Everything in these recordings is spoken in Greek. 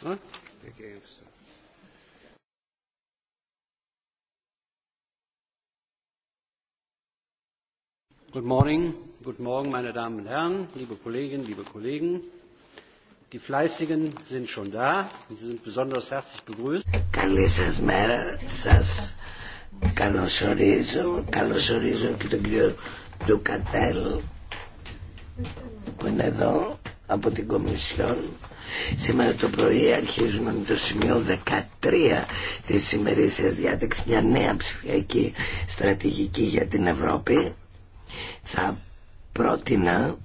Good morning, guten Morgen, meine Damen und Herren, liebe Kolleginnen, liebe Kollegen. Die Fleißigen sind schon da. Sie sind besonders herzlich begrüßt. Καλή μέρα. Σας καλωσορίζω. Καλωσορίζω και τον κύριο Ντουκατέλ που είναι εδώ από την Κομισιόν Σήμερα το πρωί αρχίζουμε με το σημείο 13 της ημερήσιας διάταξης μια νέα ψηφιακή στρατηγική για την Ευρώπη. Θα πρότεινα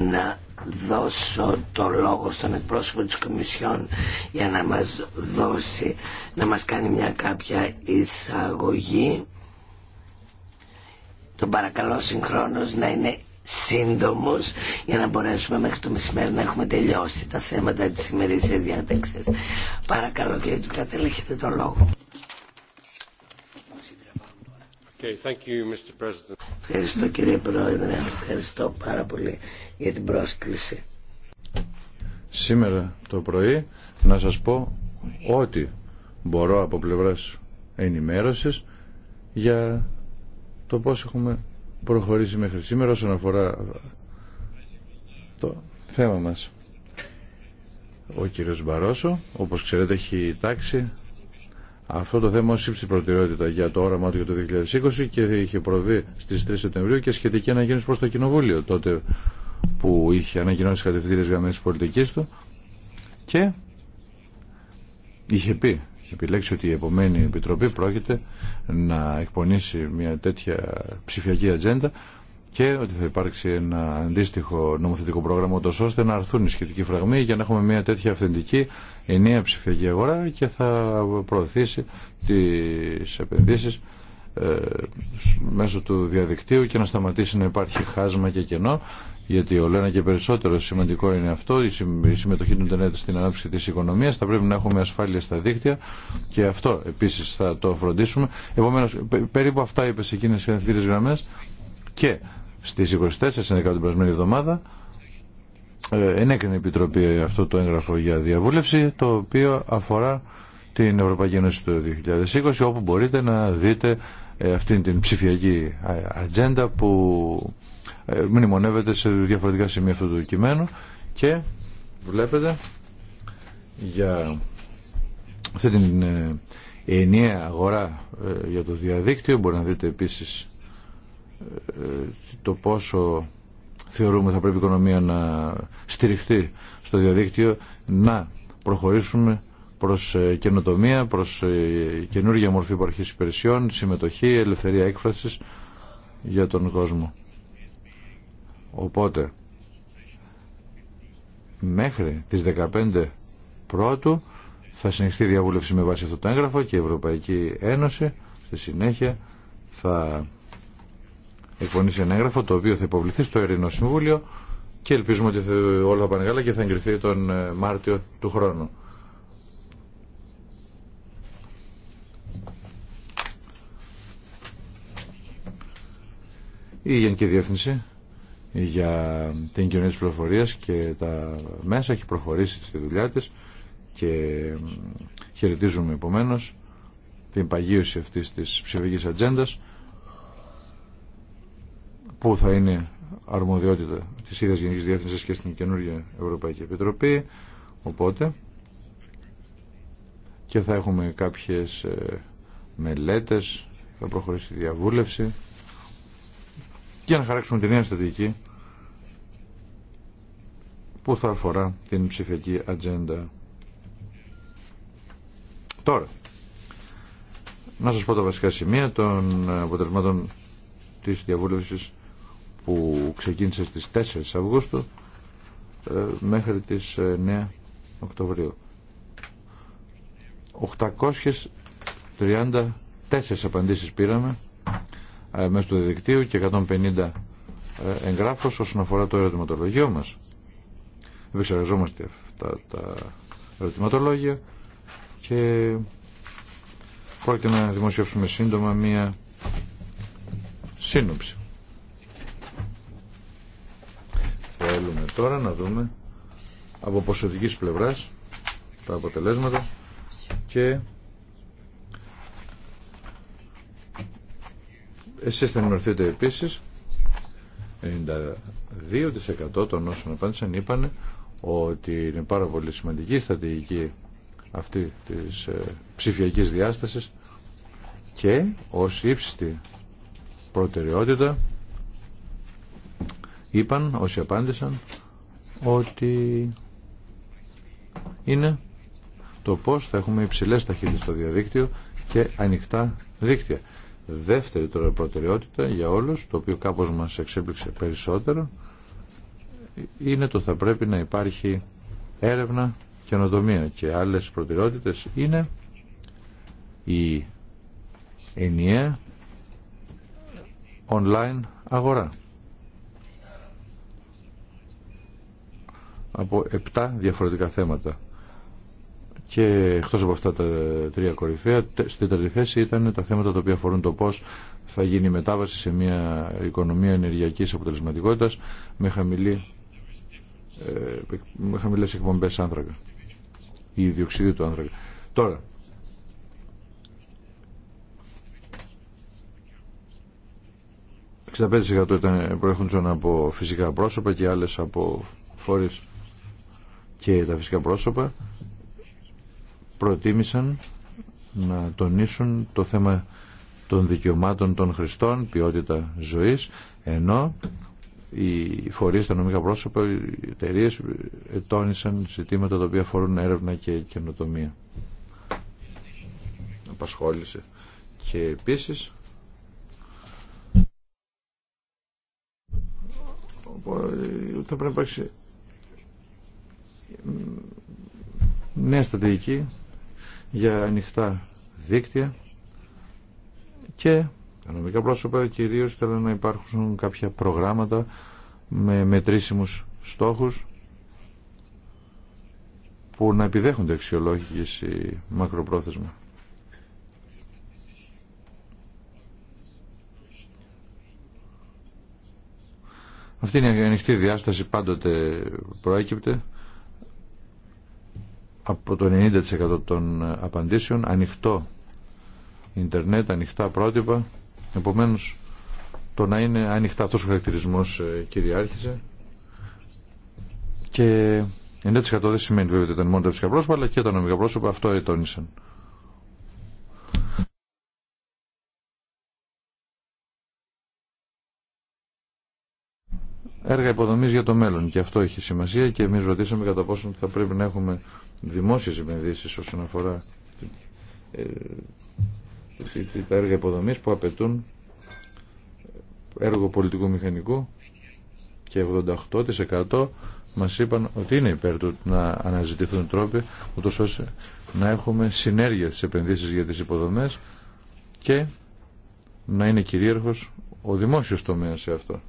να δώσω το λόγο στον εκπρόσωπο της Κομισιόν για να μας δώσει, να μας κάνει μια κάποια εισαγωγή. Τον παρακαλώ συγχρόνως να είναι σύντομο για να μπορέσουμε μέχρι το μεσημέρι να έχουμε τελειώσει τα θέματα της σημερινής διάταξης. Παρακαλώ κύριε του έχετε το λόγο. Okay, thank you, Mr. President. Ευχαριστώ κύριε Πρόεδρε, ευχαριστώ πάρα πολύ για την πρόσκληση. Σήμερα το πρωί να σας πω ότι μπορώ από πλευράς ενημέρωσης για το πώς έχουμε προχωρήσει μέχρι σήμερα όσον αφορά το θέμα μας. Ο κύριος Μπαρόσο, όπως ξέρετε, έχει τάξει αυτό το θέμα ως ύψη προτεραιότητα για το όραμα του για το 2020 και είχε προβεί στις 3 Σεπτεμβρίου και σχετική αναγέννηση προς το Κοινοβούλιο τότε που είχε ανακοινώσει κατευθύνες γραμμές της πολιτικής του και είχε πει επιλέξει ότι η επομένη επιτροπή πρόκειται να εκπονήσει μια τέτοια ψηφιακή ατζέντα και ότι θα υπάρξει ένα αντίστοιχο νομοθετικό πρόγραμμα ώστε να αρθούν οι σχετικοί φραγμοί για να έχουμε μια τέτοια αυθεντική ενιαία ψηφιακή αγορά και θα προωθήσει τις επενδύσεις ε, μέσω του διαδικτύου και να σταματήσει να υπάρχει χάσμα και κενό γιατί όλο ένα και περισσότερο σημαντικό είναι αυτό, η συμμετοχή του Ιντερνετ στην ανάπτυξη τη οικονομία. θα πρέπει να έχουμε ασφάλεια στα δίκτυα και αυτό επίση θα το φροντίσουμε. Επομένως, περίπου αυτά είπε σε εκείνες οι καθητήρες γραμμές και στι 24 συνδικά την περασμένη εβδομάδα ε, ενέκρινε η Επιτροπή αυτό το έγγραφο για διαβούλευση, το οποίο αφορά την Ευρωπαϊκή Ένωση του 2020, όπου μπορείτε να δείτε ε, αυτήν την ψηφιακή ε, ατζέντα που ε, μνημονεύεται σε διαφορετικά σημεία αυτού του κειμένου και βλέπετε για αυτή την ενιαία αγορά για το διαδίκτυο μπορεί να δείτε επίσης το πόσο θεωρούμε θα πρέπει η οικονομία να στηριχτεί στο διαδίκτυο να προχωρήσουμε προς ε, καινοτομία, προς ε, καινούργια μορφή υπαρχής υπηρεσιών, συμμετοχή, ελευθερία έκφρασης για τον κόσμο. Οπότε, μέχρι τις 15 πρώτου θα συνεχιστεί η διαβούλευση με βάση αυτό το έγγραφο και η Ευρωπαϊκή Ένωση στη συνέχεια θα εκπονήσει ένα έγγραφο το οποίο θα υποβληθεί στο Ειρηνό Συμβούλιο και ελπίζουμε ότι όλα θα πάνε καλά και θα εγκριθεί τον ε, Μάρτιο του χρόνου. η Γενική Διεύθυνση για την κοινωνία της πληροφορίας και τα μέσα έχει προχωρήσει στη δουλειά της και χαιρετίζουμε επομένω την παγίωση αυτής της ψηφικής ατζέντα που θα είναι αρμοδιότητα της ίδιας Γενικής Διεύθυνσης και στην καινούργια Ευρωπαϊκή Επιτροπή οπότε και θα έχουμε κάποιες ε, μελέτες θα προχωρήσει η διαβούλευση και να χαράξουμε τη νέα στρατηγική που θα αφορά την ψηφιακή ατζέντα. Τώρα, να σας πω τα βασικά σημεία των αποτελεσμάτων της διαβούλευσης που ξεκίνησε στις 4 Αυγούστου ε, μέχρι τις 9 ε, Οκτωβρίου. 834 απαντήσεις πήραμε ε, μέσω του διαδικτύου και 150 ε, εγγράφους όσον αφορά το ερωτηματολογείο μας. Επεξεργαζόμαστε αυτά τα ερωτηματολόγια και πρόκειται να δημοσιεύσουμε σύντομα μία σύνοψη. Θέλουμε τώρα να δούμε από ποσοτικής πλευράς τα αποτελέσματα και Εσείς θα ενημερωθείτε επίσης 92% των όσων απάντησαν είπαν ότι είναι πάρα πολύ σημαντική η στρατηγική αυτή της ε, ψηφιακής διάστασης και ως ύψιστη προτεραιότητα είπαν όσοι απάντησαν ότι είναι το πώς θα έχουμε υψηλές ταχύτητες στο διαδίκτυο και ανοιχτά δίκτυα. Δεύτερη τώρα προτεραιότητα για όλους, το οποίο κάπως μας εξέπληξε περισσότερο, είναι το θα πρέπει να υπάρχει έρευνα, καινοτομία και άλλες προτεραιότητες είναι η ενιαία online αγορά. Από επτά διαφορετικά θέματα και εκτό από αυτά τα τρία κορυφαία, στη τέταρτη θέση ήταν τα θέματα τα οποία αφορούν το πώς θα γίνει η μετάβαση σε μια οικονομία ενεργειακής αποτελεσματικότητας με, χαμηλή, ε, με χαμηλέ εκπομπές άνθρακα ή διοξιδίου του άνθρακα. Τώρα, 65% ήταν, από φυσικά πρόσωπα και άλλες από φόρες και τα φυσικά πρόσωπα προτίμησαν να τονίσουν το θέμα των δικαιωμάτων των χρηστών, ποιότητα ζωής, ενώ οι φορείς, τα νομικά πρόσωπα, οι εταιρείε ε, τόνισαν ζητήματα τα οποία αφορούν έρευνα και καινοτομία. Απασχόλησε. Και επίσης ε, θα πρέπει να υπάρξει νέα στρατηγική για ανοιχτά δίκτυα και τα νομικά πρόσωπα κυρίως θέλουν να υπάρχουν κάποια προγράμματα με μετρήσιμους στόχους που να επιδέχονται αξιολόγηση μακροπρόθεσμα. Αυτή είναι η ανοιχτή διάσταση πάντοτε προέκυπτε από το 90% των απαντήσεων ανοιχτό ίντερνετ, ανοιχτά πρότυπα επομένως το να είναι ανοιχτά αυτός ο χαρακτηρισμός ε, κυριάρχησε και 90% δεν σημαίνει βέβαια ότι ήταν μόνο τα φυσικά πρόσωπα αλλά και τα νομικά πρόσωπα αυτό ετώνησαν. Έργα υποδομής για το μέλλον και αυτό έχει σημασία και εμείς ρωτήσαμε κατά πόσο θα πρέπει να έχουμε δημόσιες επενδύσεις όσον αφορά ε, τα έργα υποδομής που απαιτούν έργο πολιτικού μηχανικού και 78% μας είπαν ότι είναι υπέρ του να αναζητηθούν τρόποι ούτως ώστε να έχουμε συνέργεια στις επενδύσεις για τις υποδομές και να είναι κυρίαρχος ο δημόσιος τομέας σε αυτό.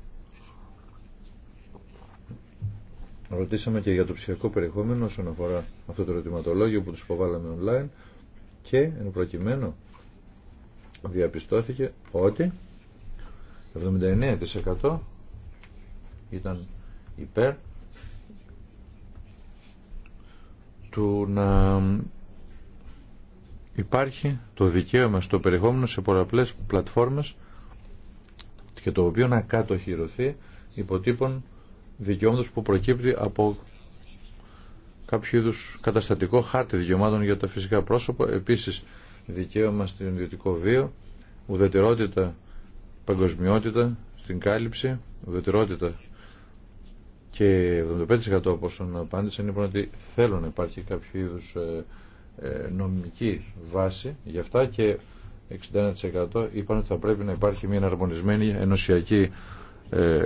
Ρωτήσαμε και για το ψηφιακό περιεχόμενο όσον αφορά αυτό το ερωτηματολόγιο που τους υποβάλαμε online και εν προκειμένου διαπιστώθηκε ότι 79% ήταν υπέρ του να υπάρχει το δικαίωμα στο περιεχόμενο σε πολλαπλές πλατφόρμες και το οποίο να κατοχυρωθεί υποτύπων δικαιώματο που προκύπτει από κάποιο είδου καταστατικό χάρτη δικαιωμάτων για τα φυσικά πρόσωπα, επίσης δικαίωμα στην ιδιωτικό βίο, ουδετερότητα, παγκοσμιότητα στην κάλυψη, ουδετερότητα και 75% από όσων απάντησαν είπαν ότι θέλουν να υπάρχει κάποιο είδου ε, ε, νομική βάση γι' αυτά και 61% είπαν ότι θα πρέπει να υπάρχει μια εναρμονισμένη ενωσιακή ε,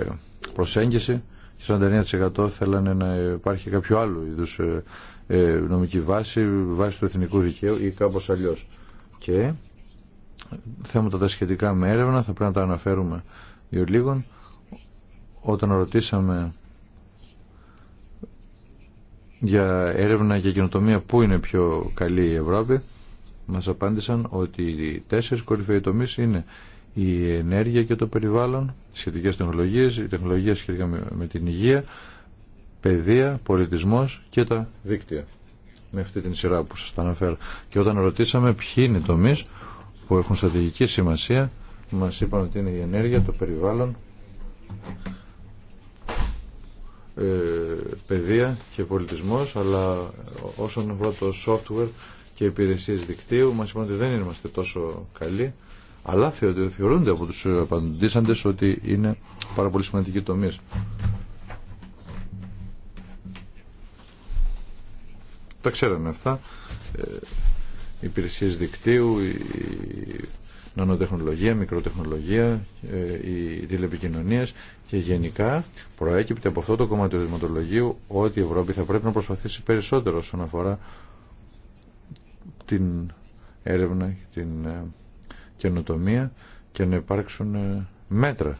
προσέγγιση 49% θέλανε να υπάρχει κάποιο άλλο είδους ε, ε, νομική βάση, βάση του εθνικού δικαίου ή κάπω αλλιώ. Και θέματα τα σχετικά με έρευνα θα πρέπει να τα αναφέρουμε δύο λίγο. Όταν ρωτήσαμε για έρευνα και καινοτομία πού είναι πιο καλή η Ευρώπη, μας απάντησαν ότι οι τέσσερις κορυφαίοι τομείς είναι η ενέργεια και το περιβάλλον, σχετικές τεχνολογίες, η τεχνολογία σχετικά με την υγεία, παιδεία, πολιτισμός και τα δίκτυα. Με αυτή την σειρά που σας τα αναφέρω. Και όταν ρωτήσαμε ποιοι είναι οι τομείς που έχουν στρατηγική σημασία, μας είπαν ότι είναι η ενέργεια, το περιβάλλον, ε, παιδεία και πολιτισμός, αλλά όσον αφορά το software και υπηρεσίες δικτύου, μας είπαν ότι δεν είμαστε τόσο καλοί αλλά θεωρούνται από του απαντήσαντες ότι είναι πάρα πολύ σημαντική τομή. Τα ξέραμε αυτά. Οι ε, υπηρεσίε δικτύου, η νανοτεχνολογία, μικροτεχνολογία, ε, οι τηλεπικοινωνίε. και γενικά προέκυπτε από αυτό το κομμάτι του δημοτολογίου ότι η Ευρώπη θα πρέπει να προσπαθήσει περισσότερο όσον αφορά την έρευνα την ε, καινοτομία και να υπάρξουν ε, μέτρα.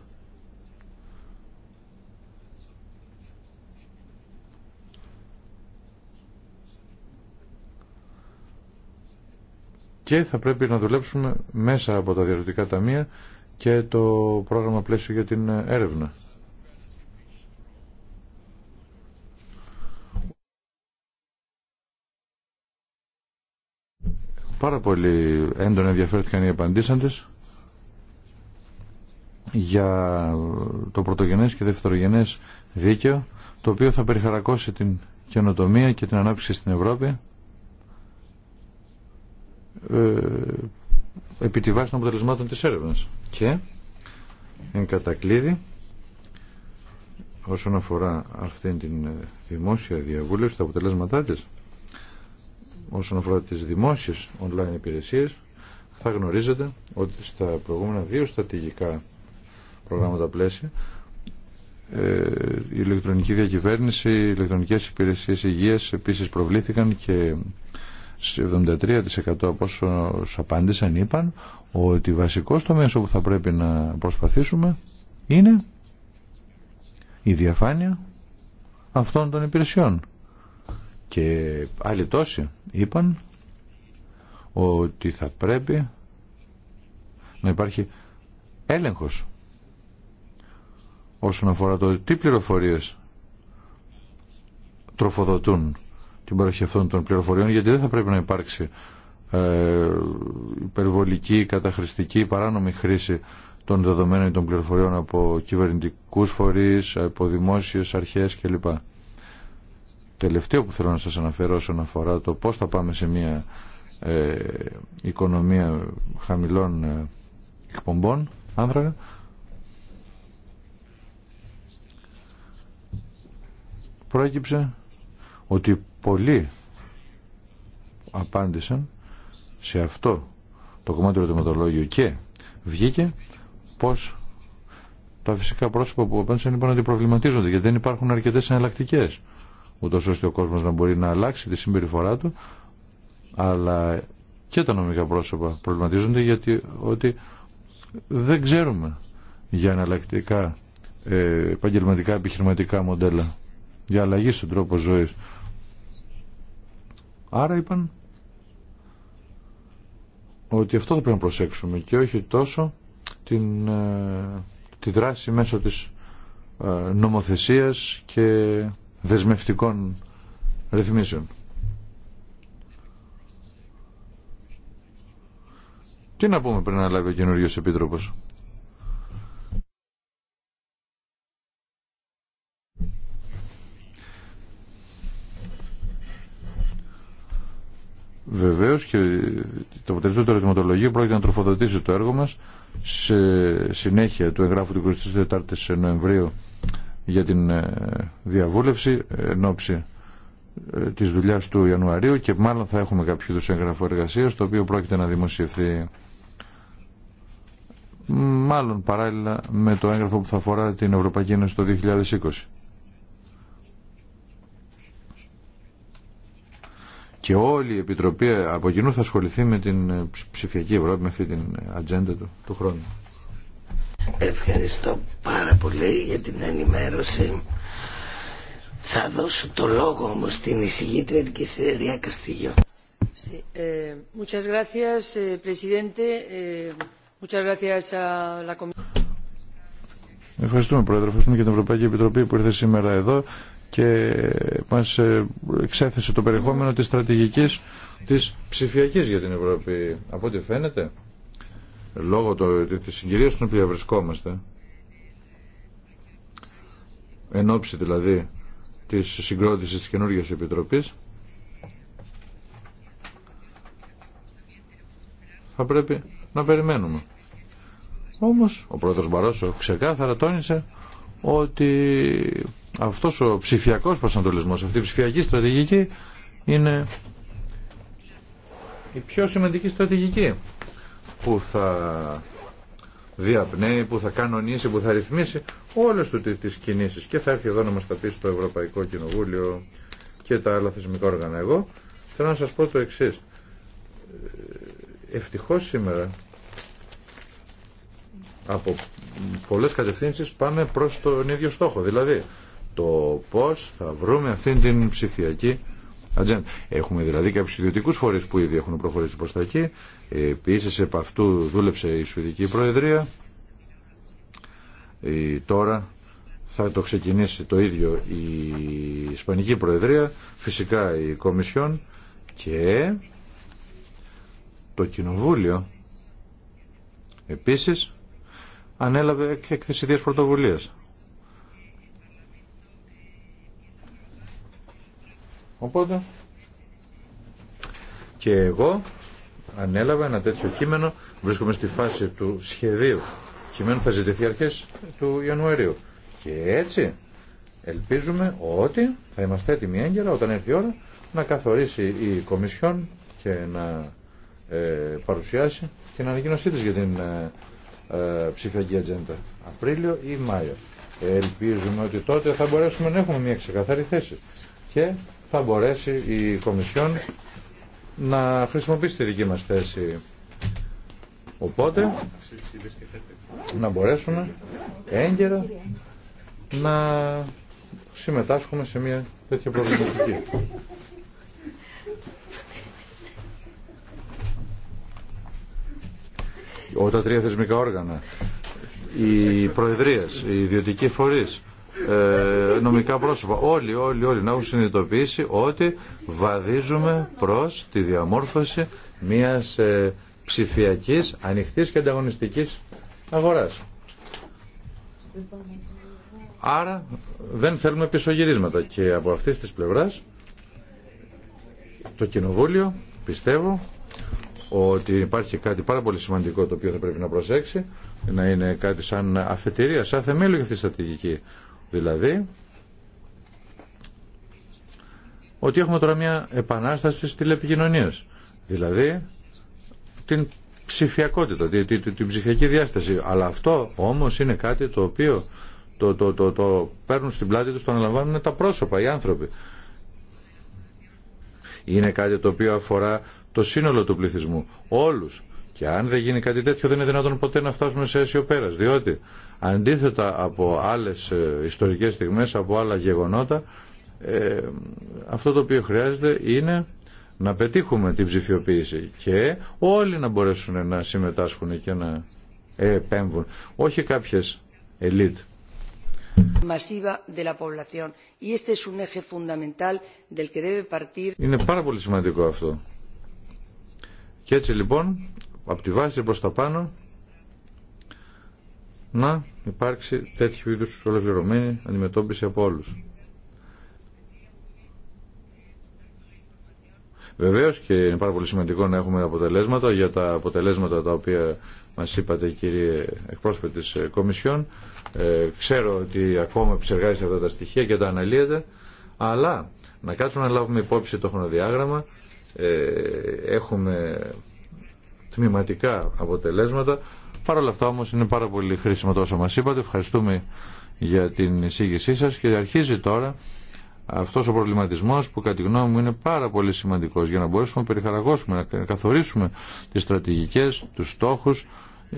Και θα πρέπει να δουλέψουμε μέσα από τα διαρροτικά ταμεία και το πρόγραμμα πλαίσιο για την ε, έρευνα. Πάρα πολύ έντονα ενδιαφέρθηκαν οι απαντήσαντες για το πρωτογενές και δευτερογενές δίκαιο το οποίο θα περιχαρακώσει την καινοτομία και την ανάπτυξη στην Ευρώπη ε, επί τη βάση των αποτελεσμάτων της έρευνας. Και, εν κατακλείδη, όσον αφορά αυτήν την ε, δημόσια διαβούλευση, τα αποτελέσματά της, όσον αφορά τις δημόσιες online υπηρεσίες θα γνωρίζετε ότι στα προηγούμενα δύο στατηγικά προγράμματα πλαίσια ε, η ηλεκτρονική διακυβέρνηση, οι ηλεκτρονικές υπηρεσίες υγείας επίσης προβλήθηκαν και σε 73% από όσους απάντησαν είπαν ότι βασικός μέσο όπου θα πρέπει να προσπαθήσουμε είναι η διαφάνεια αυτών των υπηρεσιών. Και άλλοι τόσοι είπαν ότι θα πρέπει να υπάρχει έλεγχος όσον αφορά το τι πληροφορίες τροφοδοτούν την παροχή αυτών των πληροφοριών γιατί δεν θα πρέπει να υπάρξει ε, υπερβολική, καταχρηστική, παράνομη χρήση των δεδομένων των πληροφοριών από κυβερνητικούς φορείς, από δημόσιες αρχές κλπ τελευταίο που θέλω να σας αναφέρω όσον αφορά το πώς θα πάμε σε μια ε, οικονομία χαμηλών ε, εκπομπών άνθρακα πρόκυψε ότι πολλοί απάντησαν σε αυτό το κομμάτι του ερωτηματολόγιου και βγήκε πως τα φυσικά πρόσωπα που απάντησαν είπαν ότι προβληματίζονται γιατί δεν υπάρχουν αρκετές εναλλακτικές ούτως ώστε ο κόσμος να μπορεί να αλλάξει τη συμπεριφορά του αλλά και τα νομικά πρόσωπα προβληματίζονται γιατί ότι δεν ξέρουμε για εναλλακτικά ε, επαγγελματικά επιχειρηματικά μοντέλα για αλλαγή στον τρόπο ζωής άρα είπαν ότι αυτό θα πρέπει να προσέξουμε και όχι τόσο την, ε, τη δράση μέσω της ε, νομοθεσίας και δεσμευτικών ρυθμίσεων. Τι να πούμε πριν να λάβει ο καινούριο επίτροπο. Βεβαίω και το αποτελεσματικό του ερωτηματολογίου πρόκειται να τροφοδοτήσει το έργο μα σε συνέχεια του εγγράφου του 24 Νοεμβρίου για την ε, διαβούλευση εν ώψη ε, της δουλειάς του Ιανουαρίου και μάλλον θα έχουμε κάποιο είδους έγγραφο εργασία το οποίο πρόκειται να δημοσιευθεί μάλλον παράλληλα με το έγγραφο που θα αφορά την Ευρωπαϊκή Ένωση το 2020. Και όλη η Επιτροπή από κοινού θα ασχοληθεί με την ψηφιακή Ευρώπη, με αυτή την ατζέντα του, του χρόνου. Ευχαριστώ πάρα πολύ για την ενημέρωση. Θα δώσω το λόγο όμω στην εισηγήτρια την κυρία Καστίγιο. Sí, eh, muchas gracias, eh, presidente. Eh, muchas gracias a la Ευχαριστούμε, Πρόεδρε. Ευχαριστούμε και την Ευρωπαϊκή Επιτροπή που ήρθε σήμερα εδώ και μας ε, εξέθεσε το περιεχόμενο τη στρατηγικής της ψηφιακής για την Ευρώπη. Από ό,τι φαίνεται, λόγω της συγκυρίας στην οποία βρισκόμαστε εν ώψη δηλαδή της συγκρότησης της καινούργιας επιτροπής θα πρέπει να περιμένουμε όμως ο πρώτος Μπαρόσο ξεκάθαρα τόνισε ότι αυτός ο ψηφιακός προσανατολισμός αυτή η ψηφιακή στρατηγική είναι η πιο σημαντική στρατηγική που θα διαπνέει, που θα κανονίσει, που θα ρυθμίσει όλες του τις κινήσεις και θα έρθει εδώ να μας τα πει στο Ευρωπαϊκό Κοινοβούλιο και τα άλλα θεσμικά όργανα. Εγώ θέλω να σας πω το εξή. Ε, ευτυχώς σήμερα από πολλές κατευθύνσεις πάμε προς τον ίδιο στόχο. Δηλαδή το πώς θα βρούμε αυτήν την ψηφιακή ατζέντα. Έχουμε δηλαδή κάποιου ιδιωτικού φορεί που ήδη έχουν προχωρήσει προ τα εκεί. Επίση, επ' αυτού δούλεψε η Σουηδική Προεδρία. τώρα θα το ξεκινήσει το ίδιο η Ισπανική Προεδρία, φυσικά η Κομισιόν και το Κοινοβούλιο επίσης ανέλαβε εκθεσίδια πρωτοβουλίας. Οπότε και εγώ ανέλαβα ένα τέτοιο κείμενο, βρίσκομαι στη φάση του σχεδίου κειμένου θα ζητηθεί αρχές του Ιανουαρίου. Και έτσι ελπίζουμε ότι θα είμαστε έτοιμοι έγκαιρα όταν έρθει η ώρα να καθορίσει η Κομισιόν και να ε, παρουσιάσει και να ανακοίνωσή της για την ε, ε, ψηφιακή ατζέντα. Απρίλιο ή Μάιο. Ελπίζουμε ότι τότε θα μπορέσουμε να έχουμε μια ξεκαθαρή θέση. Και θα μπορέσει η Κομισιόν να χρησιμοποιήσει τη δική μας θέση. Οπότε, να μπορέσουμε έγκαιρα να συμμετάσχουμε σε μια τέτοια προβληματική. Όταν τρία θεσμικά όργανα, οι προεδρίες, οι ιδιωτικοί φορείς, ε, νομικά πρόσωπα. Όλοι, όλοι, όλοι να έχουν συνειδητοποιήσει ότι βαδίζουμε προς τη διαμόρφωση μιας ε, ψηφιακής, ανοιχτής και ανταγωνιστικής αγοράς. Άρα δεν θέλουμε πισωγυρίσματα και από αυτής της πλευράς το Κοινοβούλιο πιστεύω ότι υπάρχει κάτι πάρα πολύ σημαντικό το οποίο θα πρέπει να προσέξει, να είναι κάτι σαν αφετηρία, σαν θεμέλιο για αυτή τη στρατηγική. Δηλαδή, ότι έχουμε τώρα μια επανάσταση στις τηλεπικοινωνίες. Δηλαδή, την ψηφιακότητα, την ψηφιακή διάσταση. Αλλά αυτό όμως είναι κάτι το οποίο το, το, το, το παίρνουν στην πλάτη τους, το αναλαμβάνουν τα πρόσωπα, οι άνθρωποι. Είναι κάτι το οποίο αφορά το σύνολο του πληθυσμού, όλους. Και αν δεν γίνει κάτι τέτοιο δεν είναι δυνατόν ποτέ να φτάσουμε σε αίσιο πέρας. Διότι αντίθετα από άλλες ε, ιστορικές στιγμές, από άλλα γεγονότα, ε, αυτό το οποίο χρειάζεται είναι να πετύχουμε την ψηφιοποίηση και όλοι να μπορέσουν να συμμετάσχουν και να επέμβουν. Όχι κάποιες ελίτ. Είναι πάρα πολύ σημαντικό αυτό. Και έτσι λοιπόν από τη βάση προς τα πάνω να υπάρξει τέτοιου είδου ολοκληρωμένη αντιμετώπιση από όλους. Βεβαίως και είναι πάρα πολύ σημαντικό να έχουμε αποτελέσματα για τα αποτελέσματα τα οποία μας είπατε κύριε εκπρόσωπε της ε, Κομισιόν. Ε, ξέρω ότι ακόμα ψεργάζεστε αυτά τα στοιχεία και τα αναλύετε, αλλά να κάτσουμε να λάβουμε υπόψη το χρονοδιάγραμμα. Ε, έχουμε τμηματικά αποτελέσματα. Παρ' όλα αυτά όμως είναι πάρα πολύ χρήσιμο τόσο μας είπατε. Ευχαριστούμε για την εισήγησή σας και αρχίζει τώρα αυτός ο προβληματισμός που κατά τη γνώμη μου είναι πάρα πολύ σημαντικός για να μπορέσουμε να περιχαραγώσουμε, να καθορίσουμε τις στρατηγικές, τους στόχους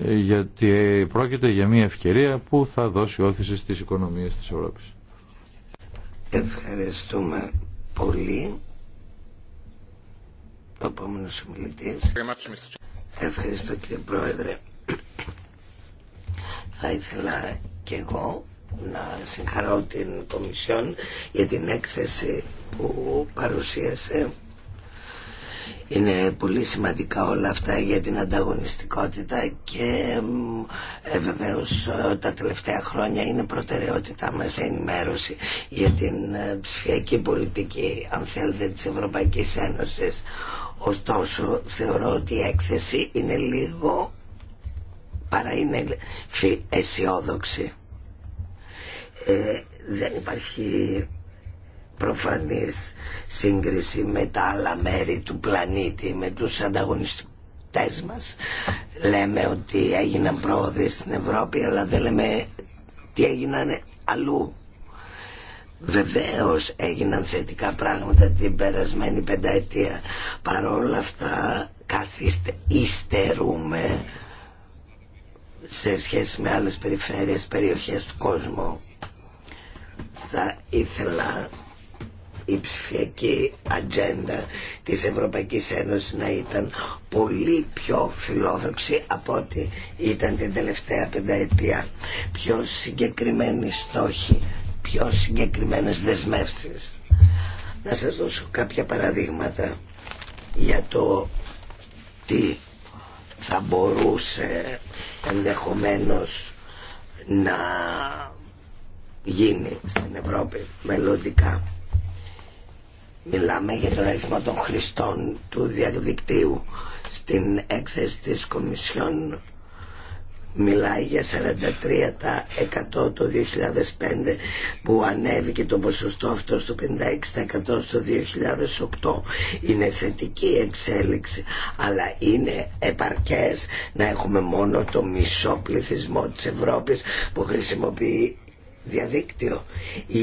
ε, γιατί πρόκειται για μια ευκαιρία που θα δώσει όθηση στις οικονομίες της Ευρώπης. Ευχαριστούμε πολύ. Ευχαριστώ κύριε Πρόεδρε. Θα ήθελα και εγώ να συγχαρώ την Κομισιόν για την έκθεση που παρουσίασε. Είναι πολύ σημαντικά όλα αυτά για την ανταγωνιστικότητα και ε, βεβαίω ε, τα τελευταία χρόνια είναι προτεραιότητά μας ενημέρωση για την ε, ψηφιακή πολιτική αν θέλετε της Ευρωπαϊκής Ένωσης. Ωστόσο θεωρώ ότι η έκθεση είναι λίγο παρά είναι αισιόδοξη. Ε, δεν υπάρχει προφανής σύγκριση με τα άλλα μέρη του πλανήτη, με τους ανταγωνιστές μας. Λέμε ότι έγιναν πρόοδοι στην Ευρώπη, αλλά δεν λέμε τι έγιναν αλλού. Βεβαίως έγιναν θετικά πράγματα την περασμένη πενταετία. Παρόλα αυτά καθίστε, υστερούμε σε σχέση με άλλες περιφέρειες, περιοχές του κόσμου. Θα ήθελα η ψηφιακή ατζέντα της Ευρωπαϊκής Ένωσης να ήταν πολύ πιο φιλόδοξη από ό,τι ήταν την τελευταία πενταετία. Πιο συγκεκριμένοι στόχοι πιο συγκεκριμένες δεσμεύσεις. Να σας δώσω κάποια παραδείγματα για το τι θα μπορούσε ενδεχομένως να γίνει στην Ευρώπη μελλοντικά. Μιλάμε για τον αριθμό των χρηστών του διαδικτύου. Στην έκθεση της Κομισιόν μιλάει για 43% το 2005 που ανέβηκε το ποσοστό αυτό στο 56% στο 2008 είναι θετική εξέλιξη αλλά είναι επαρκές να έχουμε μόνο το μισό πληθυσμό της Ευρώπης που χρησιμοποιεί διαδίκτυο η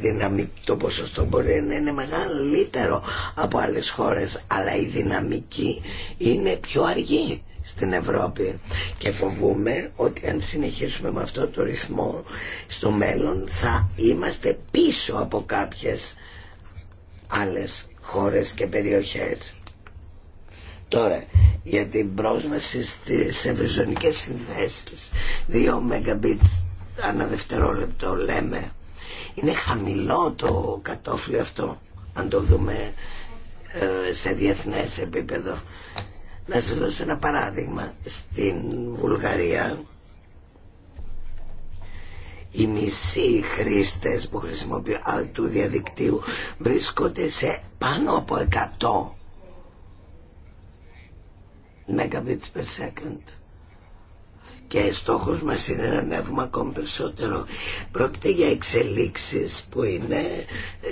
δυναμική, το ποσοστό μπορεί να είναι μεγαλύτερο από άλλες χώρες αλλά η δυναμική είναι πιο αργή στην Ευρώπη και φοβούμε ότι αν συνεχίσουμε με αυτό το ρυθμό στο μέλλον θα είμαστε πίσω από κάποιες άλλες χώρες και περιοχές. Τώρα, για την πρόσβαση στις ευρυζωνικές συνθέσεις 2 Mbits ανά δευτερόλεπτο λέμε είναι χαμηλό το κατόφλι αυτό αν το δούμε ε, σε διεθνές επίπεδο να σας δώσω ένα παράδειγμα. Στην Βουλγαρία οι μισοί χρήστες που χρησιμοποιούν του διαδικτύου βρίσκονται σε πάνω από 100 megabits per second και στόχος μας είναι να ανέβουμε ακόμη περισσότερο. Πρόκειται για εξελίξεις που είναι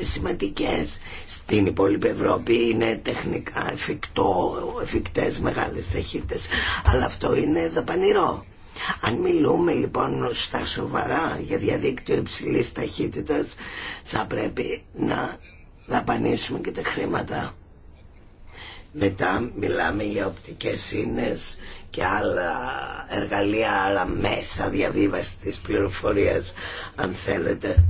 ε, σημαντικές. Στην υπόλοιπη Ευρώπη είναι τεχνικά εφικτό, εφικτές μεγάλες ταχύτητες, αλλά αυτό είναι δαπανηρό. Αν μιλούμε λοιπόν στα σοβαρά για διαδίκτυο υψηλής ταχύτητας, θα πρέπει να δαπανίσουμε και τα χρήματα. Μετά μιλάμε για οπτικές ίνες, και άλλα εργαλεία, άλλα μέσα διαβίβαση της πληροφορίας αν θέλετε.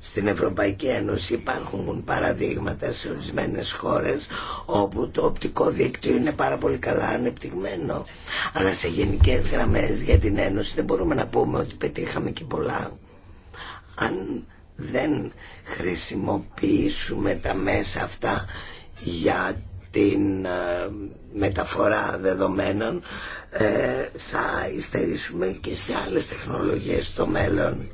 Στην Ευρωπαϊκή Ένωση υπάρχουν παραδείγματα σε ορισμένε χώρες όπου το οπτικό δίκτυο είναι πάρα πολύ καλά ανεπτυγμένο. Αλλά σε γενικές γραμμές για την Ένωση δεν μπορούμε να πούμε ότι πετύχαμε και πολλά. Αν δεν χρησιμοποιήσουμε τα μέσα αυτά για την ε, μεταφορά δεδομένων ε, θα ειστερήσουμε και σε άλλες τεχνολογίες στο μέλλον.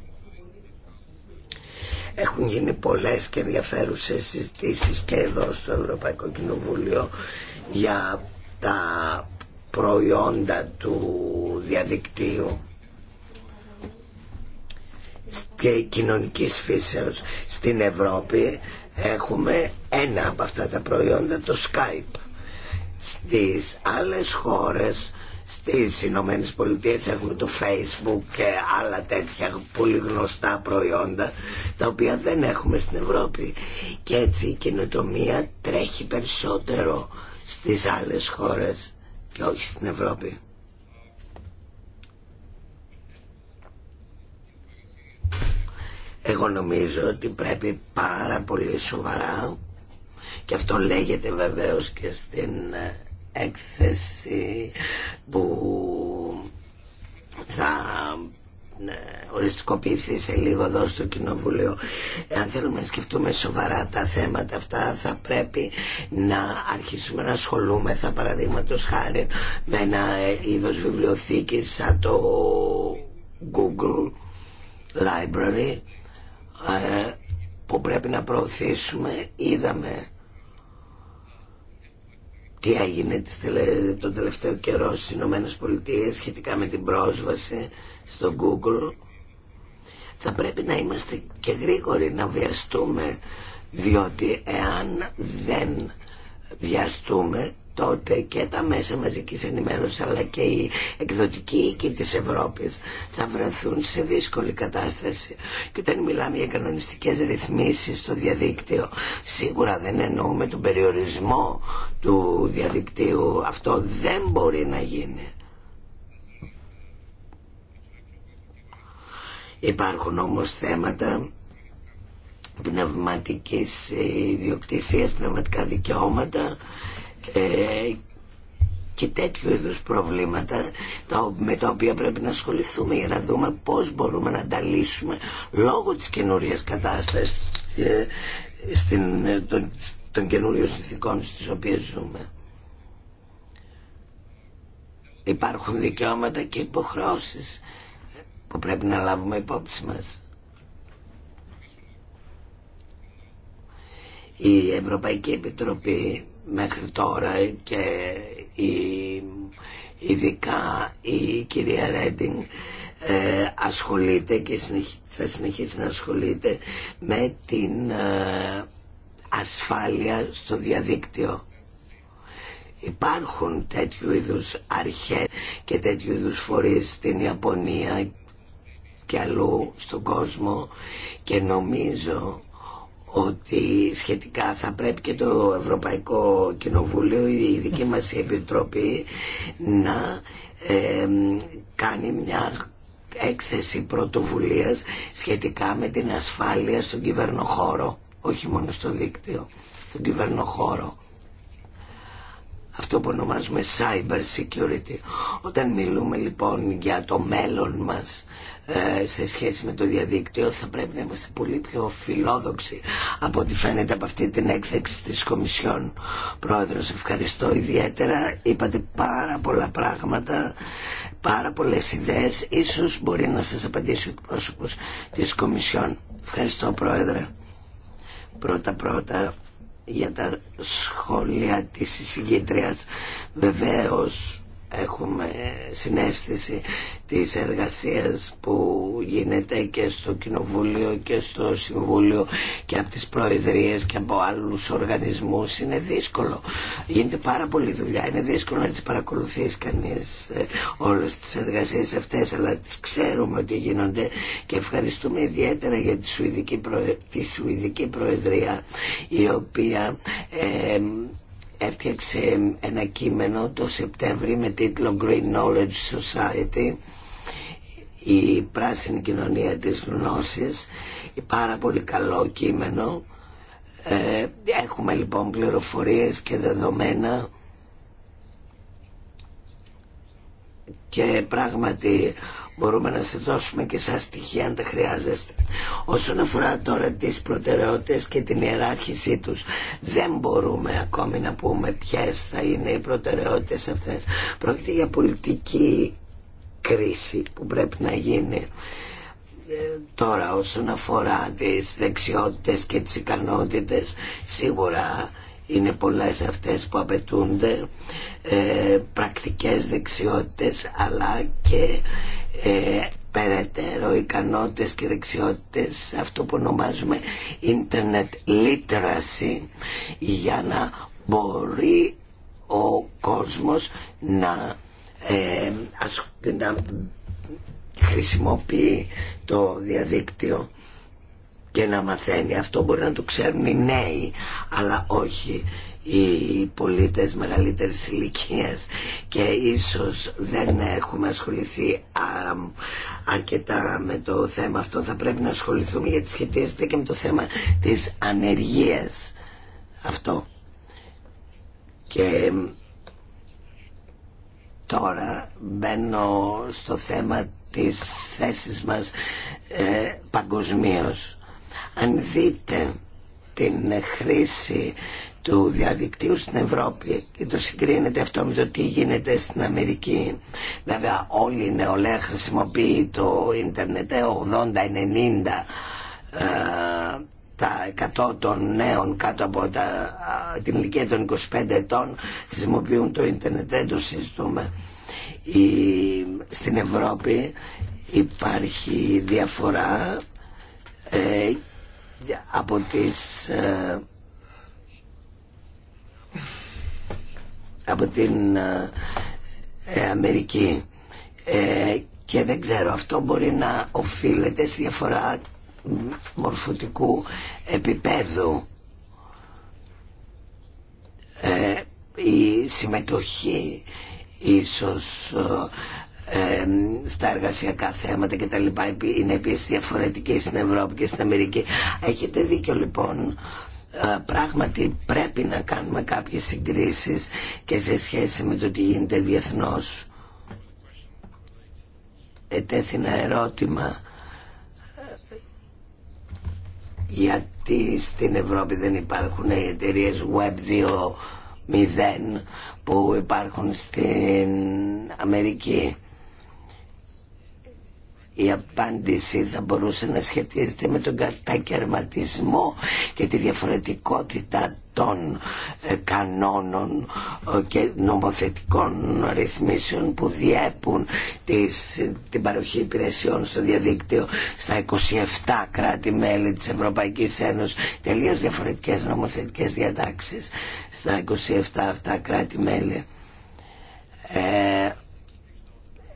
Έχουν γίνει πολλές και ενδιαφέρουσες συζητήσει και εδώ στο Ευρωπαϊκό Κοινοβούλιο για τα προϊόντα του διαδικτύου και κοινωνικής φύσεως στην Ευρώπη έχουμε ένα από αυτά τα προϊόντα, το Skype. Στις άλλες χώρες, στις Ηνωμένε Πολιτείε έχουμε το Facebook και άλλα τέτοια πολύ γνωστά προϊόντα, τα οποία δεν έχουμε στην Ευρώπη. Και έτσι η καινοτομία τρέχει περισσότερο στις άλλες χώρες και όχι στην Ευρώπη. Εγώ νομίζω ότι πρέπει πάρα πολύ σοβαρά και αυτό λέγεται βεβαίως και στην ε, έκθεση που θα ε, οριστικοποιηθεί σε λίγο εδώ στο Κοινοβούλιο. Αν θέλουμε να σκεφτούμε σοβαρά τα θέματα αυτά θα πρέπει να αρχίσουμε να θα παραδείγματο χάρη με ένα ε, είδος βιβλιοθήκης σαν το Google Library ε, που πρέπει να προωθήσουμε είδαμε τι έγινε τον τελευταίο καιρό στις Ηνωμένες Πολιτείες σχετικά με την πρόσβαση στο Google θα πρέπει να είμαστε και γρήγοροι να βιαστούμε διότι εάν δεν βιαστούμε τότε και τα μέσα μαζικής ενημέρωσης αλλά και οι εκδοτικοί οίκοι της Ευρώπης θα βρεθούν σε δύσκολη κατάσταση και όταν μιλάμε για κανονιστικές ρυθμίσεις στο διαδίκτυο σίγουρα δεν εννοούμε τον περιορισμό του διαδικτύου αυτό δεν μπορεί να γίνει υπάρχουν όμως θέματα πνευματικής ιδιοκτησίας, πνευματικά δικαιώματα ε, και τέτοιου είδους προβλήματα με τα οποία πρέπει να ασχοληθούμε για να δούμε πώς μπορούμε να τα λύσουμε λόγω της καινούρια κατάστασης στην, ε, των, των καινούριων συνθηκών στις οποίες ζούμε. Υπάρχουν δικαιώματα και υποχρεώσεις που πρέπει να λάβουμε υπόψη μας. Η Ευρωπαϊκή Επιτροπή μέχρι τώρα και η, ειδικά η κυρία Ρέντινγκ ε, ασχολείται και θα συνεχίσει να ασχολείται με την ε, ασφάλεια στο διαδίκτυο. Υπάρχουν τέτοιου είδους αρχές και τέτοιου είδους φορείς στην Ιαπωνία και αλλού στον κόσμο και νομίζω ότι σχετικά θα πρέπει και το Ευρωπαϊκό Κοινοβούλιο, η δική μας Επιτροπή, να κάνει μια έκθεση πρωτοβουλίας σχετικά με την ασφάλεια στον κυβερνοχώρο, όχι μόνο στο δίκτυο, στον κυβερνοχώρο. Αυτό που ονομάζουμε cyber security. Όταν μιλούμε λοιπόν για το μέλλον μας, ε, σε σχέση με το διαδίκτυο θα πρέπει να είμαστε πολύ πιο φιλόδοξοι από ό,τι φαίνεται από αυτή την έκθεξη της Κομισιόν. Πρόεδρος, ευχαριστώ ιδιαίτερα. Είπατε πάρα πολλά πράγματα, πάρα πολλές ιδέες. Ίσως μπορεί να σας απαντήσει ο εκπρόσωπος της Κομισιόν. Ευχαριστώ Πρόεδρε. Πρώτα-πρώτα για τα σχόλια της συγκήτριας βεβαίως έχουμε συνέστηση της εργασίας που γίνεται και στο Κοινοβούλιο και στο Συμβούλιο και από τις Προεδρίες και από άλλους οργανισμούς είναι δύσκολο γίνεται πάρα πολλή δουλειά είναι δύσκολο να τις παρακολουθείς κανείς ε, όλες τις εργασίες αυτές αλλά τις ξέρουμε ότι γίνονται και ευχαριστούμε ιδιαίτερα για τη Σουηδική, Προεδρία, τη Σουηδική Προεδρία η οποία ε, έφτιαξε ένα κείμενο το Σεπτέμβρη με τίτλο Green Knowledge Society η πράσινη κοινωνία της γνώσης πάρα πολύ καλό κείμενο ε, έχουμε λοιπόν πληροφορίες και δεδομένα και πράγματι μπορούμε να σας δώσουμε και σας στοιχεία αν τα χρειάζεστε. Όσον αφορά τώρα τις προτεραιότητες και την ιεράρχησή τους, δεν μπορούμε ακόμη να πούμε ποιες θα είναι οι προτεραιότητες αυτές. Πρόκειται για πολιτική κρίση που πρέπει να γίνει ε, τώρα όσον αφορά τις δεξιότητες και τις ικανότητες σίγουρα είναι πολλές αυτές που απαιτούνται ε, πρακτικές δεξιότητες αλλά και ε, περαιτέρω ικανότητες και δεξιότητες αυτό που ονομάζουμε internet literacy για να μπορεί ο κόσμος να, ε, να χρησιμοποιεί το διαδίκτυο και να μαθαίνει αυτό μπορεί να το ξέρουν οι νέοι αλλά όχι οι πολίτες μεγαλύτερης ηλικία και ίσως δεν έχουμε ασχοληθεί α, αρκετά με το θέμα αυτό θα πρέπει να ασχοληθούμε γιατί σχετίζεται και με το θέμα της ανεργίας αυτό και τώρα μπαίνω στο θέμα της θέσης μας ε, παγκοσμίως αν δείτε την χρήση του διαδικτύου στην Ευρώπη και το συγκρίνεται αυτό με το τι γίνεται στην Αμερική. Βέβαια όλοι η νεολαία χρησιμοποιεί το ίντερνετ 80-90 ε, ε, τα 100 των νέων κάτω από τα, την ηλικία των 25 ετών χρησιμοποιούν το ίντερνετ, δεν το συζητούμε. στην Ευρώπη υπάρχει διαφορά ε, από τις από την ε, ε, Αμερική ε, και δεν ξέρω αυτό μπορεί να οφείλεται στη διαφορά μορφωτικού επίπεδου ε, η συμμετοχή ίσως ε, στα εργασιακά θέματα και τα λοιπά είναι επίσης διαφορετική στην Ευρώπη και στην Αμερική έχετε δίκιο λοιπόν πράγματι πρέπει να κάνουμε κάποιες συγκρίσεις και σε σχέση με το τι γίνεται διεθνώς. Ετέθηνα ερώτημα ε, γιατί στην Ευρώπη δεν υπάρχουν οι εταιρείε Web 2.0 που υπάρχουν στην Αμερική η απάντηση θα μπορούσε να σχετίζεται με τον κατακαιρματισμό και τη διαφορετικότητα των ε, κανόνων ε, και νομοθετικών ρυθμίσεων που διέπουν τις, την παροχή υπηρεσιών στο διαδίκτυο στα 27 κράτη-μέλη της Ευρωπαϊκής Ένωσης τελείως διαφορετικές νομοθετικές διατάξεις στα 27 αυτά κράτη-μέλη ε,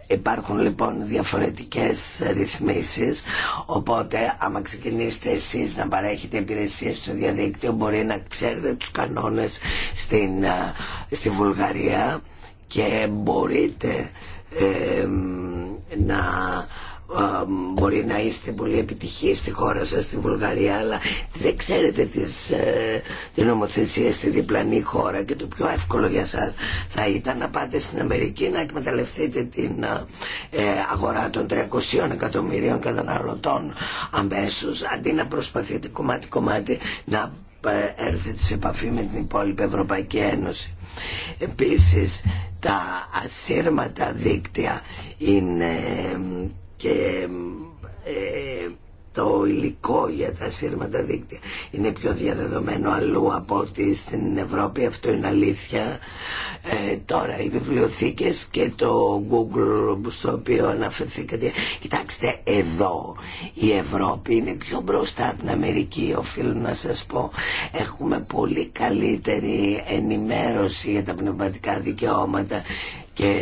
Υπάρχουν λοιπόν διαφορετικές ρυθμίσεις, οπότε άμα ξεκινήσετε εσείς να παρέχετε υπηρεσίες στο διαδίκτυο μπορεί να ξέρετε τους κανόνες στην, ε, στη Βουλγαρία και μπορείτε ε, να μπορεί να είστε πολύ επιτυχείς στη χώρα σας, στη Βουλγαρία αλλά δεν ξέρετε τις, ε, την νομοθεσία στη διπλανή χώρα και το πιο εύκολο για σας θα ήταν να πάτε στην Αμερική να εκμεταλλευτείτε την ε, ε, αγορά των 300 εκατομμυρίων καταναλωτών αμέσως αντί να προσπαθείτε κομμάτι κομμάτι να ε, έρθετε σε επαφή με την υπόλοιπη Ευρωπαϊκή Ένωση. Επίσης τα ασύρματα δίκτυα είναι και ε, το υλικό για τα σύρματα δίκτυα είναι πιο διαδεδομένο αλλού από ότι στην Ευρώπη αυτό είναι αλήθεια ε, τώρα οι βιβλιοθήκες και το Google στο οποίο αναφερθήκατε κοιτάξτε εδώ η Ευρώπη είναι πιο μπροστά από την Αμερική οφείλω να σας πω έχουμε πολύ καλύτερη ενημέρωση για τα πνευματικά δικαιώματα και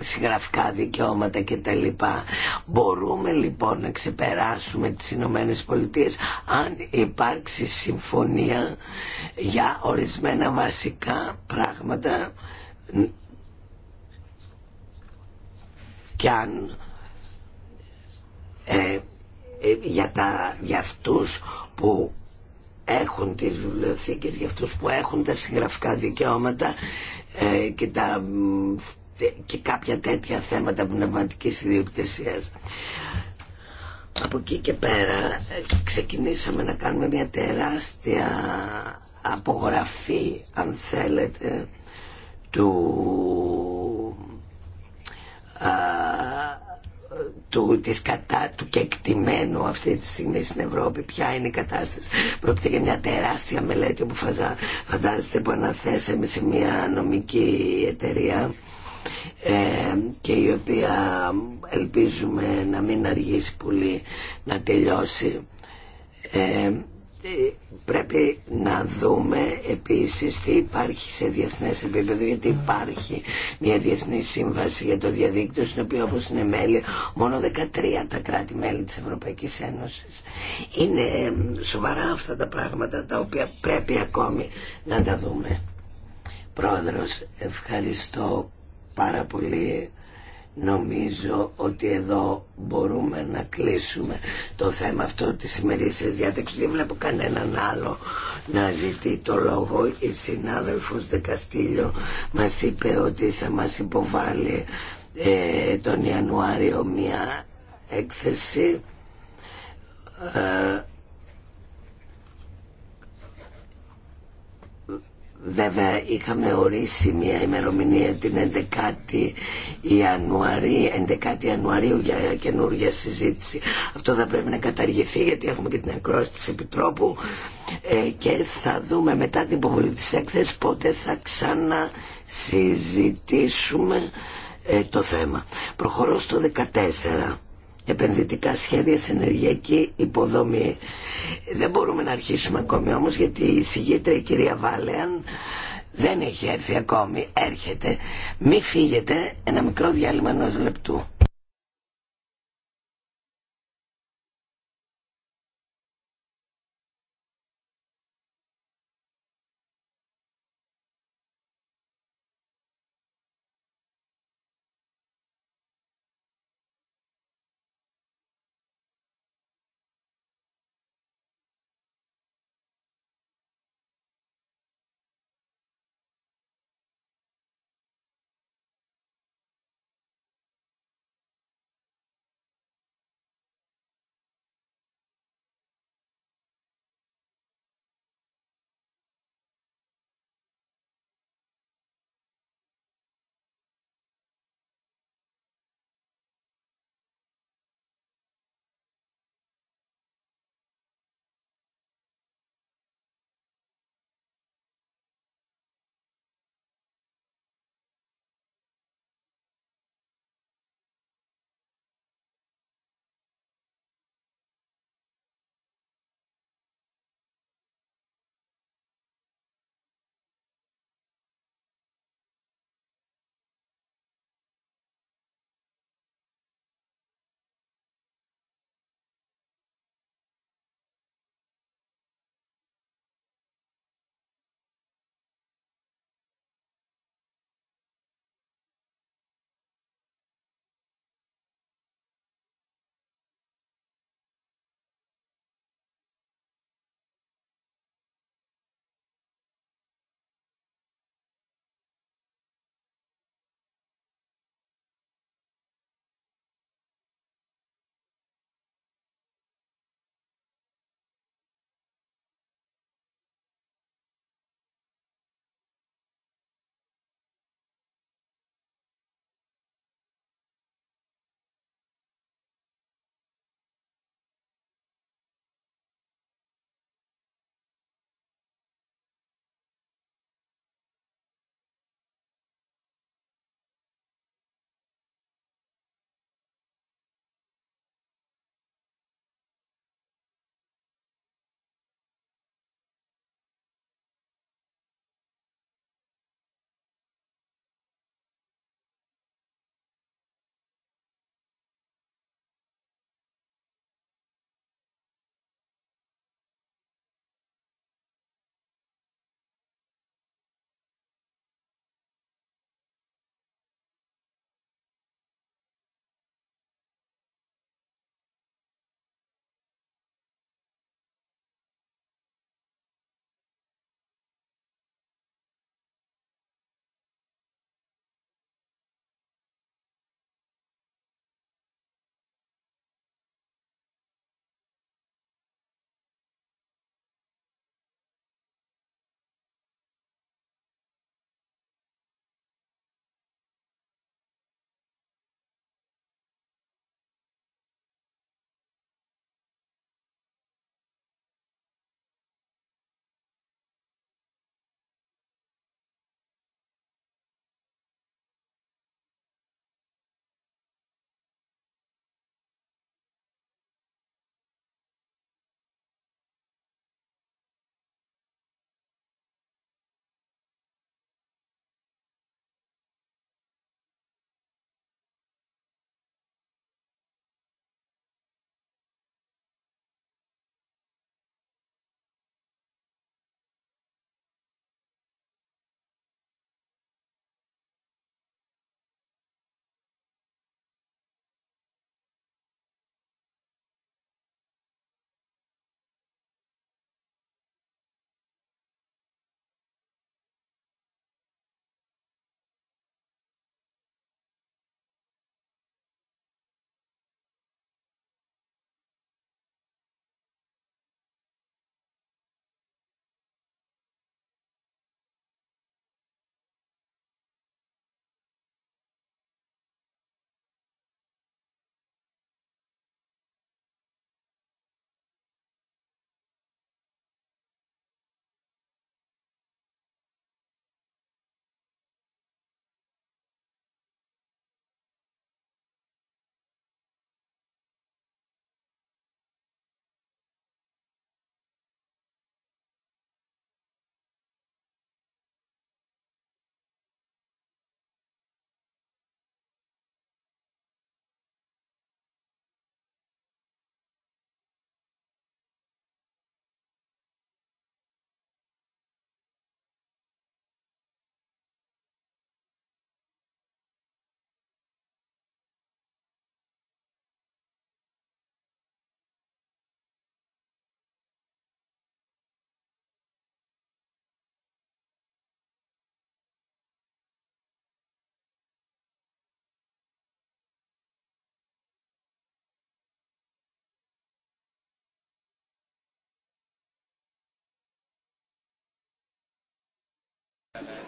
συγγραφικά δικαιώματα κτλ. Μπορούμε λοιπόν να ξεπεράσουμε τις Ηνωμένε Πολιτείε αν υπάρξει συμφωνία για ορισμένα βασικά πράγματα και αν ε, ε, για, τα, για αυτούς που έχουν τις βιβλιοθήκες, για αυτούς που έχουν τα συγγραφικά δικαιώματα ε, και τα και κάποια τέτοια θέματα πνευματικής ιδιοκτησίας. Από εκεί και πέρα ε, ξεκινήσαμε να κάνουμε μια τεράστια απογραφή, αν θέλετε, του, του, της κατά, του κεκτημένου αυτή τη στιγμή στην Ευρώπη. Ποια είναι η κατάσταση. Πρόκειται για μια τεράστια μελέτη που φαζα, φαντάζεστε που αναθέσαμε σε μια νομική εταιρεία ε, και η οποία ελπίζουμε να μην αργήσει πολύ να τελειώσει ε, πρέπει να δούμε επίσης τι υπάρχει σε διεθνές επίπεδο γιατί ναι. υπάρχει μια διεθνή σύμβαση για το διαδίκτυο στην οποία όπως είναι μέλη μόνο 13 τα κράτη-μέλη της Ευρωπαϊκής Ένωσης είναι σοβαρά αυτά τα πράγματα τα οποία πρέπει ακόμη να τα δούμε Πρόεδρος ευχαριστώ πάρα πολύ. Νομίζω ότι εδώ μπορούμε να κλείσουμε το θέμα αυτό της ημερήσιας διάταξης. Δεν βλέπω κανέναν άλλο να ζητεί το λόγο. Η συνάδελφος Δεκαστήλιο μας είπε ότι θα μας υποβάλει ε, τον Ιανουάριο μία έκθεση. Ε, Βέβαια είχαμε ορίσει μια ημερομηνία την 11η Ιανουαρίου, 11 Ιανουαρίου για καινούργια συζήτηση. Αυτό θα πρέπει να καταργηθεί γιατί έχουμε και την ακρόαση της Επιτρόπου ε, και θα δούμε μετά την υποβολή της έκθεσης πότε θα ξανασυζητήσουμε ε, το θέμα. Προχωρώ στο 14 επενδυτικά σχέδια σε ενεργειακή υποδομή. Δεν μπορούμε να αρχίσουμε ακόμη όμως γιατί η συγγήτρια κυρία Βάλεαν δεν έχει έρθει ακόμη. Έρχεται. Μη φύγετε ένα μικρό διάλειμμα ενός λεπτού.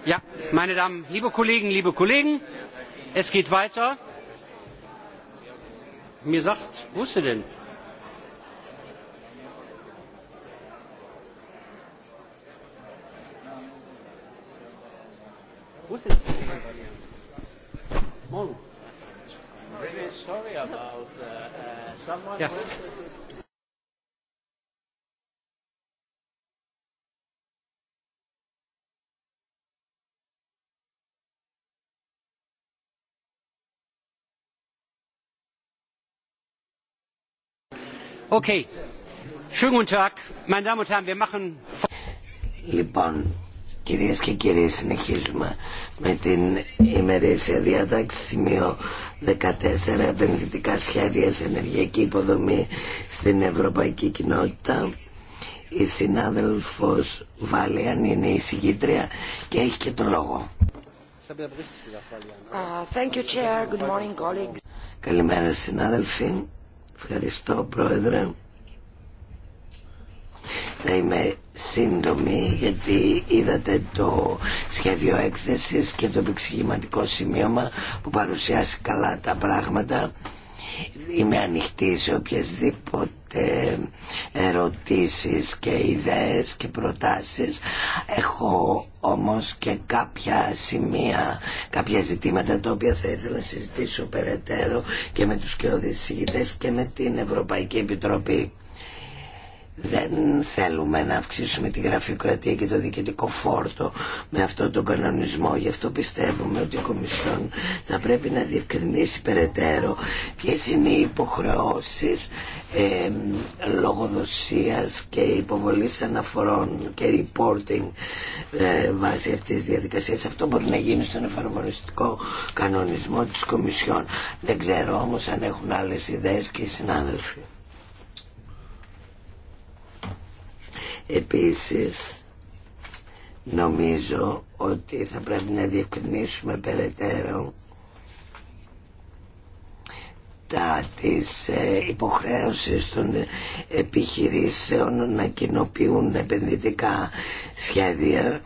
Ja, meine Damen, liebe Kollegen, liebe Kollegen, es geht weiter. Mir sagt, wo ist sie denn? Wo ist sie? Morgen. Really sorry about uh, uh, someone. Yes. Λοιπόν, κυρίες και κύριοι, συνεχίζουμε με την ημερήσια διάταξη σημείο 14 επενδυτικά σχέδια σε ενεργειακή υποδομή στην Ευρωπαϊκή Κοινότητα. Η συνάδελφος Βάλιαν είναι η συγκήτρια και έχει και το λόγο. Uh, Καλημέρα συνάδελφοι. Ευχαριστώ πρόεδρε. Θα είμαι σύντομη γιατί είδατε το σχέδιο έκθεσης και το επεξηγηματικό σημείωμα που παρουσιάσει καλά τα πράγματα. Είμαι ανοιχτή σε οποιασδήποτε ερωτήσεις και ιδέες και προτάσεις. Έχω όμως και κάποια σημεία, κάποια ζητήματα τα οποία θα ήθελα να συζητήσω περαιτέρω και με τους και και με την Ευρωπαϊκή Επιτροπή δεν θέλουμε να αυξήσουμε τη γραφειοκρατία και το διοικητικό φόρτο με αυτόν τον κανονισμό. Γι' αυτό πιστεύουμε ότι η Κομισιόν θα πρέπει να διευκρινίσει περαιτέρω ποιε είναι οι υποχρεώσεις ε, λογοδοσίας και υποβολής αναφορών και reporting ε, βάσει αυτής της διαδικασίας. Αυτό μπορεί να γίνει στον εφαρμοστικό κανονισμό της Κομισιόν. Δεν ξέρω όμω αν έχουν άλλε ιδέε και οι συνάδελφοι. Επίσης, νομίζω ότι θα πρέπει να διευκρινίσουμε περαιτέρω τα της ε, υποχρέωσης των επιχειρήσεων να κοινοποιούν επενδυτικά σχέδια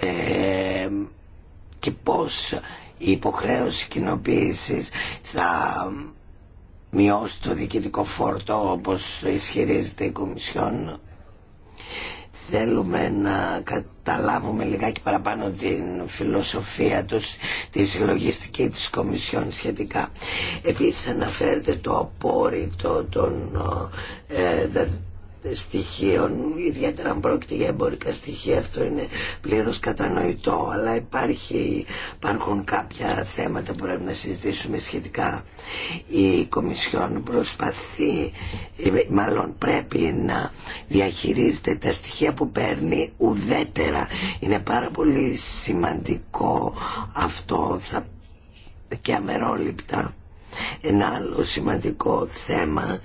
ε, και πώς η υποχρέωση κοινοποίηση θα μειώσει το διοικητικό φόρτο όπως ισχυρίζεται η Κομισιόν θέλουμε να καταλάβουμε λιγάκι παραπάνω την φιλοσοφία τους, τη συλλογιστική της Κομισιόν σχετικά. Επίσης αναφέρεται το απόρριτο των ε, στοιχείων, ιδιαίτερα αν πρόκειται για εμπορικά στοιχεία, αυτό είναι πλήρως κατανοητό, αλλά υπάρχει, υπάρχουν κάποια θέματα που πρέπει να συζητήσουμε σχετικά. Η Κομισιόν προσπαθεί, ε, μάλλον πρέπει να διαχειρίζεται τα στοιχεία που παίρνει ουδέτερα. Είναι πάρα πολύ σημαντικό αυτό θα... και αμερόληπτα. Ένα άλλο σημαντικό θέμα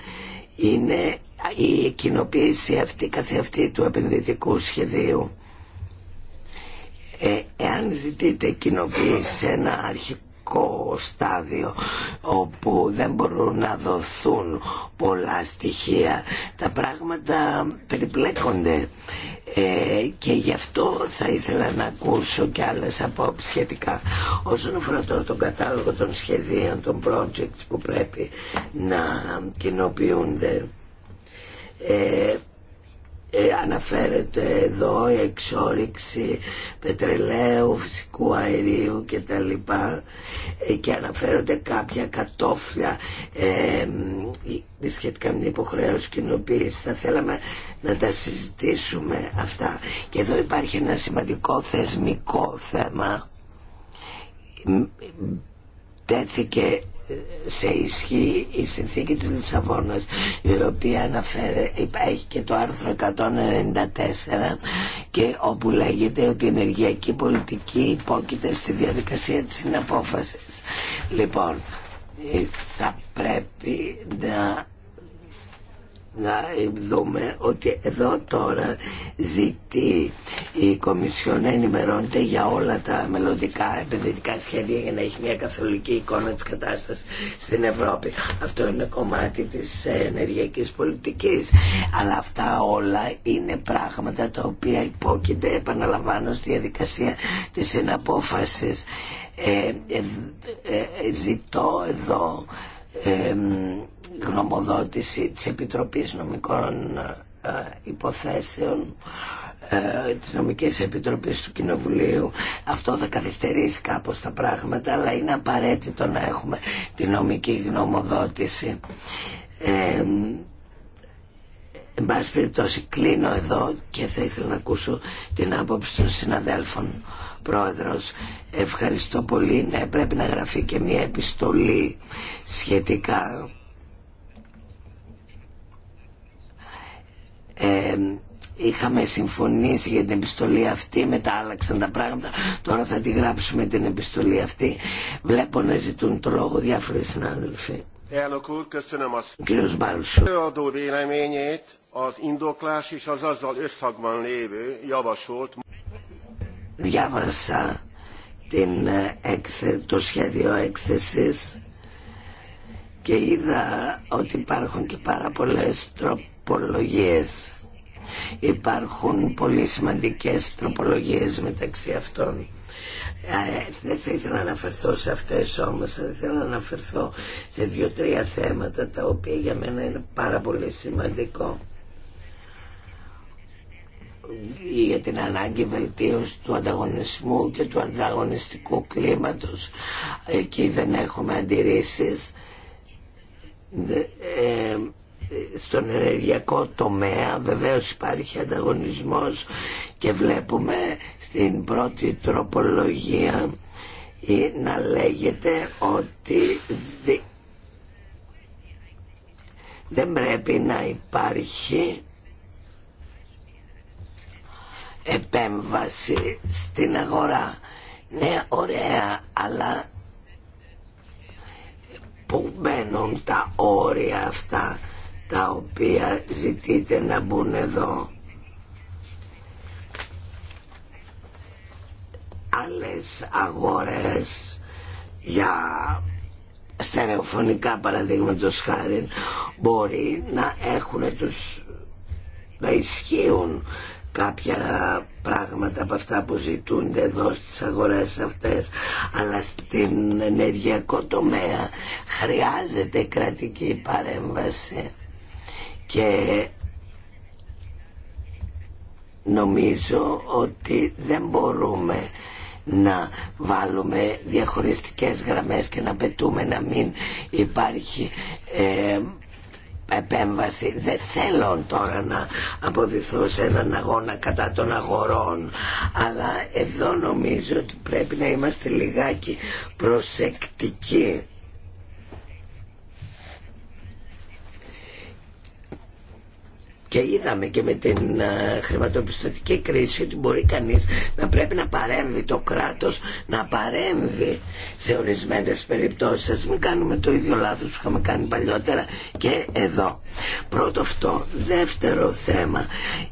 είναι η κοινοποίηση αυτή καθεαυτή του επενδυτικού σχεδίου. Ε, εάν ζητείτε κοινοποίηση σε ένα αρχικό αρχικό στάδιο όπου δεν μπορούν να δοθούν πολλά στοιχεία. Τα πράγματα περιπλέκονται ε, και γι' αυτό θα ήθελα να ακούσω και άλλες απόψεις σχετικά. Όσον αφορά τώρα τον κατάλογο των σχεδίων, των projects που πρέπει να κοινοποιούνται ε, ε, αναφέρεται εδώ η εξόριξη πετρελαίου, φυσικού αερίου και τα λοιπά ε, και αναφέρονται κάποια κατόφλια ε, σχετικά με την υποχρέωση κοινοποίηση. Θα θέλαμε να τα συζητήσουμε αυτά. Και εδώ υπάρχει ένα σημαντικό θεσμικό θέμα. Τέθηκε σε ισχύ η συνθήκη της Λισαβόνας η οποία αναφέρει, έχει και το άρθρο 194 και όπου λέγεται ότι η ενεργειακή πολιτική υπόκειται στη διαδικασία της συναπόφασης λοιπόν ε, θα πρέπει να να δούμε ότι εδώ τώρα ζητεί η Κομισιόν να ενημερώνεται για όλα τα μελλοντικά επενδυτικά σχέδια για να έχει μια καθολική εικόνα της κατάστασης στην Ευρώπη. Αυτό είναι κομμάτι της ενεργειακής πολιτικής. Αλλά αυτά όλα είναι πράγματα τα οποία υπόκειται, επαναλαμβάνω, στη διαδικασία της συναπόφασης. Ε, ε, ε ζητώ εδώ γνωμοδότηση της Επιτροπής Νομικών ε, Υποθέσεων ε, της Νομικής Επιτροπής του Κοινοβουλίου αυτό θα καθυστερήσει κάπως τα πράγματα αλλά είναι απαραίτητο να έχουμε τη νομική γνωμοδότηση ε, εν πάση περιπτώσει κλείνω εδώ και θα ήθελα να ακούσω την άποψη των συναδέλφων πρόεδρος ευχαριστώ πολύ ναι πρέπει να γραφεί και μια επιστολή σχετικά είχαμε συμφωνήσει για την επιστολή αυτή μετά άλλαξαν τα πράγματα τώρα θα τη γράψουμε την επιστολή αυτή βλέπω να ζητούν το λόγο διάφοροι συνάδελφοι Ο κύριος Μπάλσου διάβασα την, ε, το σχέδιο έκθεσης και είδα ότι υπάρχουν και πάρα πολλές τρόποι τροπολογίες. Υπάρχουν πολύ σημαντικές τροπολογίες μεταξύ αυτών. Ε, δεν θα ήθελα να αναφερθώ σε αυτές όμως, θα ήθελα να αναφερθώ σε δύο-τρία θέματα τα οποία για μένα είναι πάρα πολύ σημαντικό για την ανάγκη βελτίωση του ανταγωνισμού και του ανταγωνιστικού κλίματος. Εκεί δεν έχουμε αντιρρήσεις. Ε, στον ενεργειακό τομέα βεβαίως υπάρχει ανταγωνισμός και βλέπουμε στην πρώτη τροπολογία να λέγεται ότι δεν πρέπει να υπάρχει επέμβαση στην αγορά. Ναι, ωραία, αλλά που μπαίνουν τα όρια αυτά τα οποία ζητείτε να μπουν εδώ. Άλλες αγορές για στερεοφωνικά παραδείγματο χάρη μπορεί να έχουν τους να ισχύουν κάποια πράγματα από αυτά που ζητούνται εδώ στις αγορές αυτές αλλά στην ενεργειακό τομέα χρειάζεται κρατική παρέμβαση και νομίζω ότι δεν μπορούμε να βάλουμε διαχωριστικές γραμμές και να πετούμε να μην υπάρχει ε, επέμβαση. Δεν θέλω τώρα να αποδηθώ σε έναν αγώνα κατά των αγορών, αλλά εδώ νομίζω ότι πρέπει να είμαστε λιγάκι προσεκτικοί. Και είδαμε και με την ε, χρηματοπιστωτική κρίση ότι μπορεί κανείς να πρέπει να παρέμβει το κράτος, να παρέμβει σε ορισμένες περιπτώσεις. μην κάνουμε το ίδιο λάθος που είχαμε κάνει παλιότερα και εδώ. Πρώτο αυτό. Δεύτερο θέμα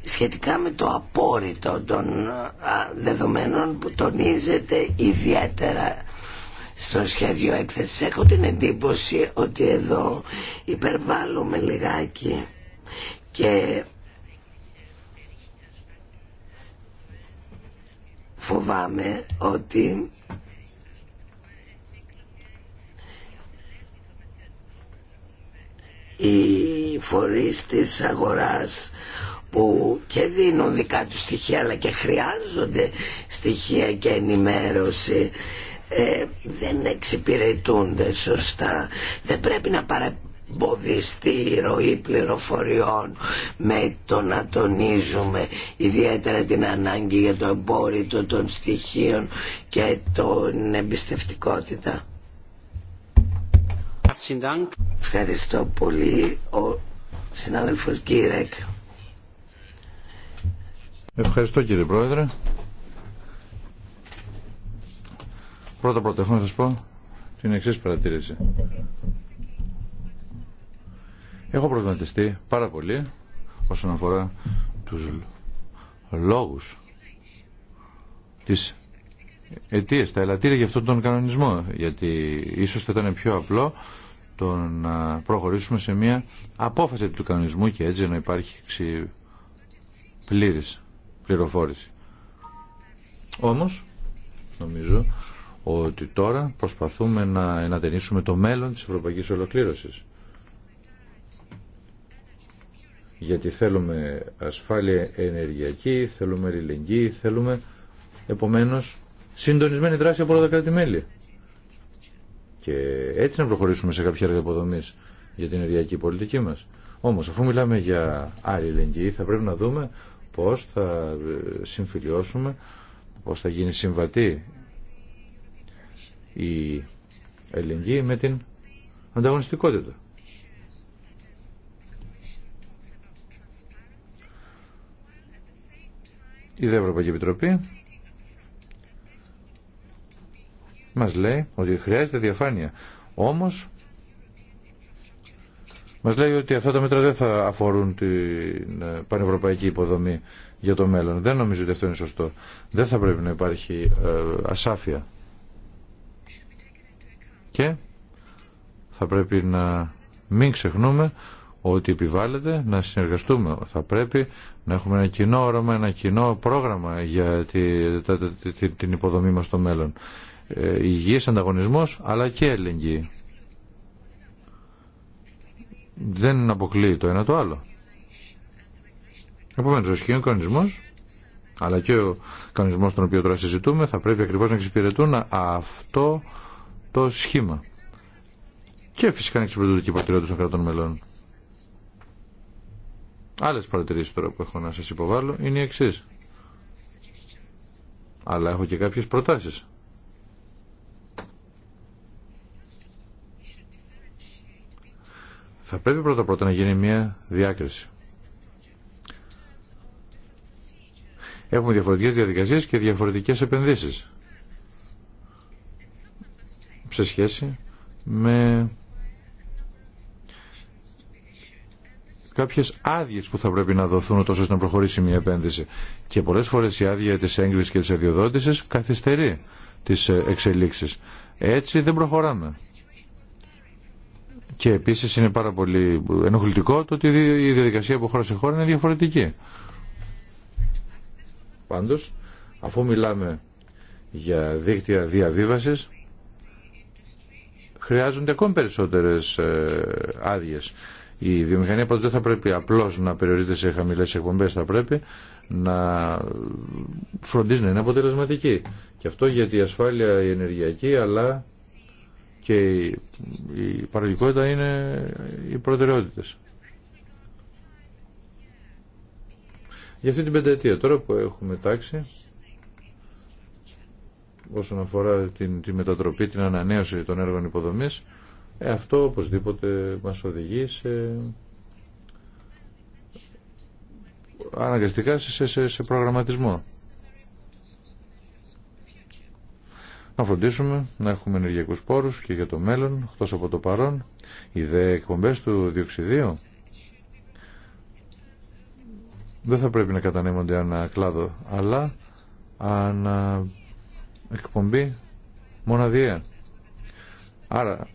σχετικά με το απόρριτο των ε, δεδομένων που τονίζεται ιδιαίτερα στο σχέδιο έκθεση. Έχω την εντύπωση ότι εδώ υπερβάλλουμε λιγάκι και φοβάμαι ότι οι φορείς της αγοράς που και δίνουν δικά τους στοιχεία αλλά και χρειάζονται στοιχεία και ενημέρωση ε, δεν εξυπηρετούνται σωστά. Δεν πρέπει να παρα, εμποδιστεί η ροή πληροφοριών με το να τονίζουμε ιδιαίτερα την ανάγκη για το εμπόριτο των στοιχείων και την εμπιστευτικότητα. Ευχαριστώ πολύ ο συνάδελφος Κύρεκ. Ευχαριστώ κύριε Πρόεδρε. Πρώτα πρώτα έχω να σας πω την εξής παρατήρηση. Έχω προβληματιστεί πάρα πολύ όσον αφορά τους λόγους τις αιτίες, τα ελαττήρια για αυτόν τον κανονισμό γιατί ίσως θα ήταν πιο απλό το να προχωρήσουμε σε μια απόφαση του κανονισμού και έτσι να υπάρχει πλήρης πληροφόρηση. Όμως, νομίζω ότι τώρα προσπαθούμε να ενατενίσουμε το μέλλον της ευρωπαϊκής ολοκλήρωσης. γιατί θέλουμε ασφάλεια ενεργειακή, θέλουμε ελληνική, θέλουμε επομένως συντονισμένη δράση από όλα τα κράτη-μέλη. Και έτσι να προχωρήσουμε σε κάποια έργα για την ενεργειακή πολιτική μα. Όμως αφού μιλάμε για αλληλεγγύη θα πρέπει να δούμε πώς θα ε, συμφιλιώσουμε, πώς θα γίνει συμβατή η ελληνική με την ανταγωνιστικότητα. Η Δε Ευρωπαϊκή Επιτροπή μας λέει ότι χρειάζεται διαφάνεια. Όμως μας λέει ότι αυτά τα μέτρα δεν θα αφορούν την ε, πανευρωπαϊκή υποδομή για το μέλλον. Δεν νομίζω ότι αυτό είναι σωστό. Δεν θα πρέπει να υπάρχει ε, ασάφεια. Και θα πρέπει να μην ξεχνούμε ότι επιβάλλεται να συνεργαστούμε. Θα πρέπει να έχουμε ένα κοινό όραμα, ένα κοινό πρόγραμμα για την υποδομή μας στο μέλλον. Ε, υγιής ανταγωνισμός αλλά και έλεγγυη. Δεν αποκλείει το ένα το άλλο. Επομένω, ο ισχυρός κανονισμός αλλά και ο κανονισμός τον οποίο τώρα συζητούμε θα πρέπει ακριβώς να εξυπηρετούν αυτό το σχήμα. Και φυσικά να εξυπηρετούν και οι πατριώτες των κρατών μελών. Άλλες παρατηρήσεις τώρα που έχω να σας υποβάλω είναι οι εξής. Αλλά έχω και κάποιες προτάσεις. Θα πρέπει πρώτα πρώτα να γίνει μια διάκριση. Έχουμε διαφορετικές διαδικασίες και διαφορετικές επενδύσεις σε σχέση με κάποιες άδειες που θα πρέπει να δοθούν τόσο ώστε να προχωρήσει μια επένδυση. Και πολλές φορές η άδεια της έγκρισης και της αδειοδότησης καθυστερεί τις ε, εξελίξεις. Έτσι δεν προχωράμε. Και επίσης είναι πάρα πολύ ενοχλητικό το ότι η διαδικασία από χώρα σε χώρα είναι διαφορετική. Πάντως, αφού μιλάμε για δίκτυα διαβίβασης, χρειάζονται ακόμη περισσότερες ε, άδειες η βιομηχανία πάντως δεν θα πρέπει απλώς να περιορίζεται σε χαμηλές εκπομπές, θα πρέπει να φροντίζει να είναι αποτελεσματική. Και αυτό γιατί η ασφάλεια η ενεργειακή αλλά και η παραγωγικότητα είναι οι προτεραιότητες. Για αυτή την πενταετία τώρα που έχουμε τάξει όσον αφορά την, τη μετατροπή, την ανανέωση των έργων υποδομής αυτό οπωσδήποτε μας οδηγεί σε αναγκαστικά σε, σε, προγραμματισμό. Να φροντίσουμε να έχουμε ενεργειακούς πόρους και για το μέλλον, εκτό από το παρόν. Οι δε εκπομπές του διοξιδίου δεν θα πρέπει να κατανέμονται ένα κλάδο, αλλά ανά εκπομπή μοναδιαία. Άρα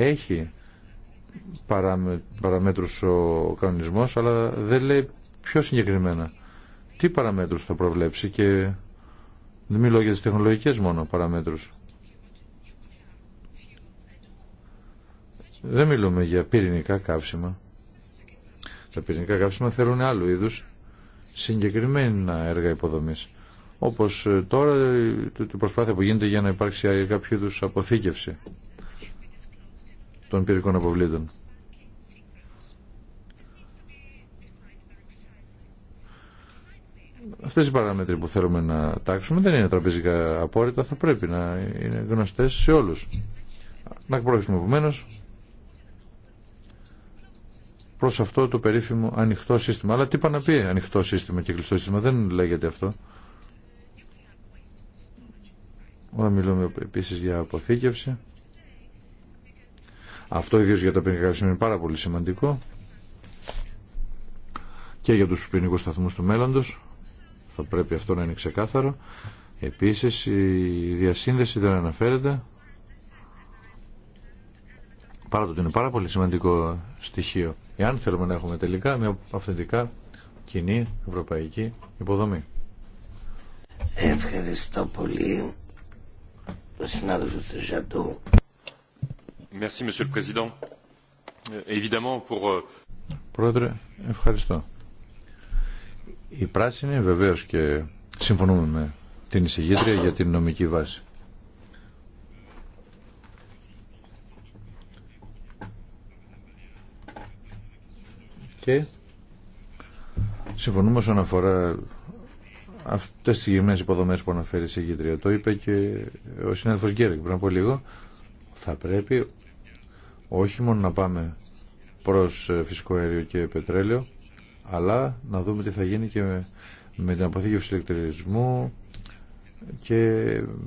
έχει παραμέτρους ο κανονισμός αλλά δεν λέει πιο συγκεκριμένα τι παραμέτρους θα προβλέψει και δεν μιλώ για τις τεχνολογικές μόνο παραμέτρους. Δεν μιλούμε για πυρηνικά καύσιμα. Τα πυρηνικά καύσιμα θέλουν άλλου είδους συγκεκριμένα έργα υποδομής. Όπως τώρα την προσπάθεια που γίνεται για να υπάρξει κάποιο είδου αποθήκευση των πυρικών αποβλήτων. Αυτές οι παράμετροι που θέλουμε να τάξουμε δεν είναι τραπεζικά απόρριτα, θα πρέπει να είναι γνωστές σε όλους. Να εκπρόξουμε επομένω προς αυτό το περίφημο ανοιχτό σύστημα. Αλλά τι πάνε να πει ανοιχτό σύστημα και κλειστό σύστημα, δεν λέγεται αυτό. Όταν μιλούμε επίση για αποθήκευση. Αυτό ιδίω για τα ποινικά σημεία είναι πάρα πολύ σημαντικό και για τους ποινικούς σταθμούς του μέλλοντος. Θα πρέπει αυτό να είναι ξεκάθαρο. Επίσης η διασύνδεση δεν αναφέρεται παρά το ότι είναι πάρα πολύ σημαντικό στοιχείο εάν θέλουμε να έχουμε τελικά μια αυθεντικά κοινή ευρωπαϊκή υποδομή. Ευχαριστώ πολύ τον συνάδελφο του Ζαντού. Euh, Πρόεδρε, ευχαριστώ. Η πράσινη βεβαίως και συμφωνούμε με την εισηγήτρια για την νομική βάση. Και συμφωνούμε όσον αφορά αυτές τις γυμνές υποδομές που αναφέρει η εισηγήτρια. Το είπε και ο συνάδελφος Γκέρικ πριν από λίγο. Θα πρέπει όχι μόνο να πάμε προς ε, φυσικό αέριο και πετρέλαιο, αλλά να δούμε τι θα γίνει και με, την αποθήκευση ηλεκτρισμού και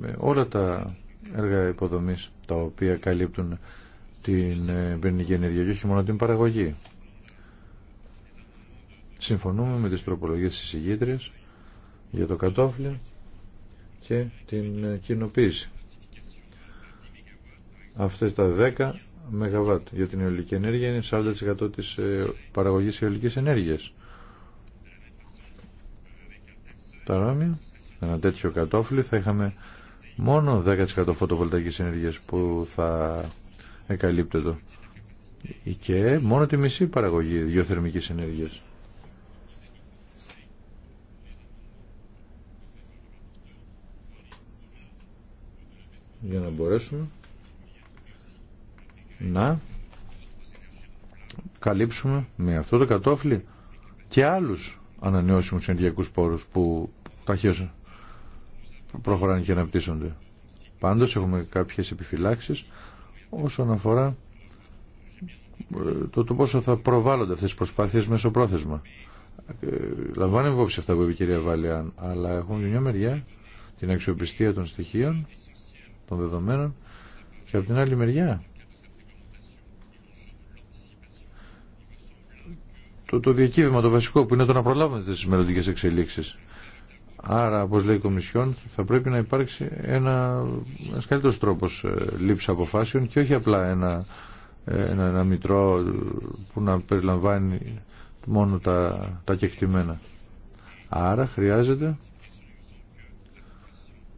με όλα τα έργα υποδομής τα οποία καλύπτουν την ε, πυρηνική ενέργεια και όχι μόνο την παραγωγή. Συμφωνούμε με τις τροπολογίες της ηγήτριας για το κατόφλι και την ε, κοινοποίηση. Αυτές τα δέκα ΜΒ για την αιωλική ενέργεια είναι 40% της ε, παραγωγής αιωλικής ενέργειας. Τα ένα τέτοιο κατόφλι θα είχαμε μόνο 10% φωτοβολταϊκής ενέργειας που θα εκαλύπτεται και μόνο τη μισή παραγωγή γεωθερμικής ενέργειας. για να μπορέσουμε να καλύψουμε με αυτό το κατόφλι και άλλους ανανεώσιμους ενεργειακούς πόρους που ταχύως προχωράνε και αναπτύσσονται. Πάντως έχουμε κάποιες επιφυλάξεις όσον αφορά ε, το, το πόσο θα προβάλλονται αυτές τις προσπάθειες μέσω πρόθεσμα. Ε, λαμβάνουμε υπόψη αυτά που είπε η κυρία Βάλιαν, αλλά έχουμε μια μεριά την αξιοπιστία των στοιχείων, των δεδομένων και από την άλλη μεριά το, το το βασικό που είναι το να προλάβουμε τις μελλοντικές εξελίξεις. Άρα, όπως λέει η Κομισιόν, θα πρέπει να υπάρξει ένα, ένας καλύτερος τρόπος ε, λήψη αποφάσεων και όχι απλά ένα, ε, ένα, ένα μητρό που να περιλαμβάνει μόνο τα, τα κεκτημένα. Άρα χρειάζεται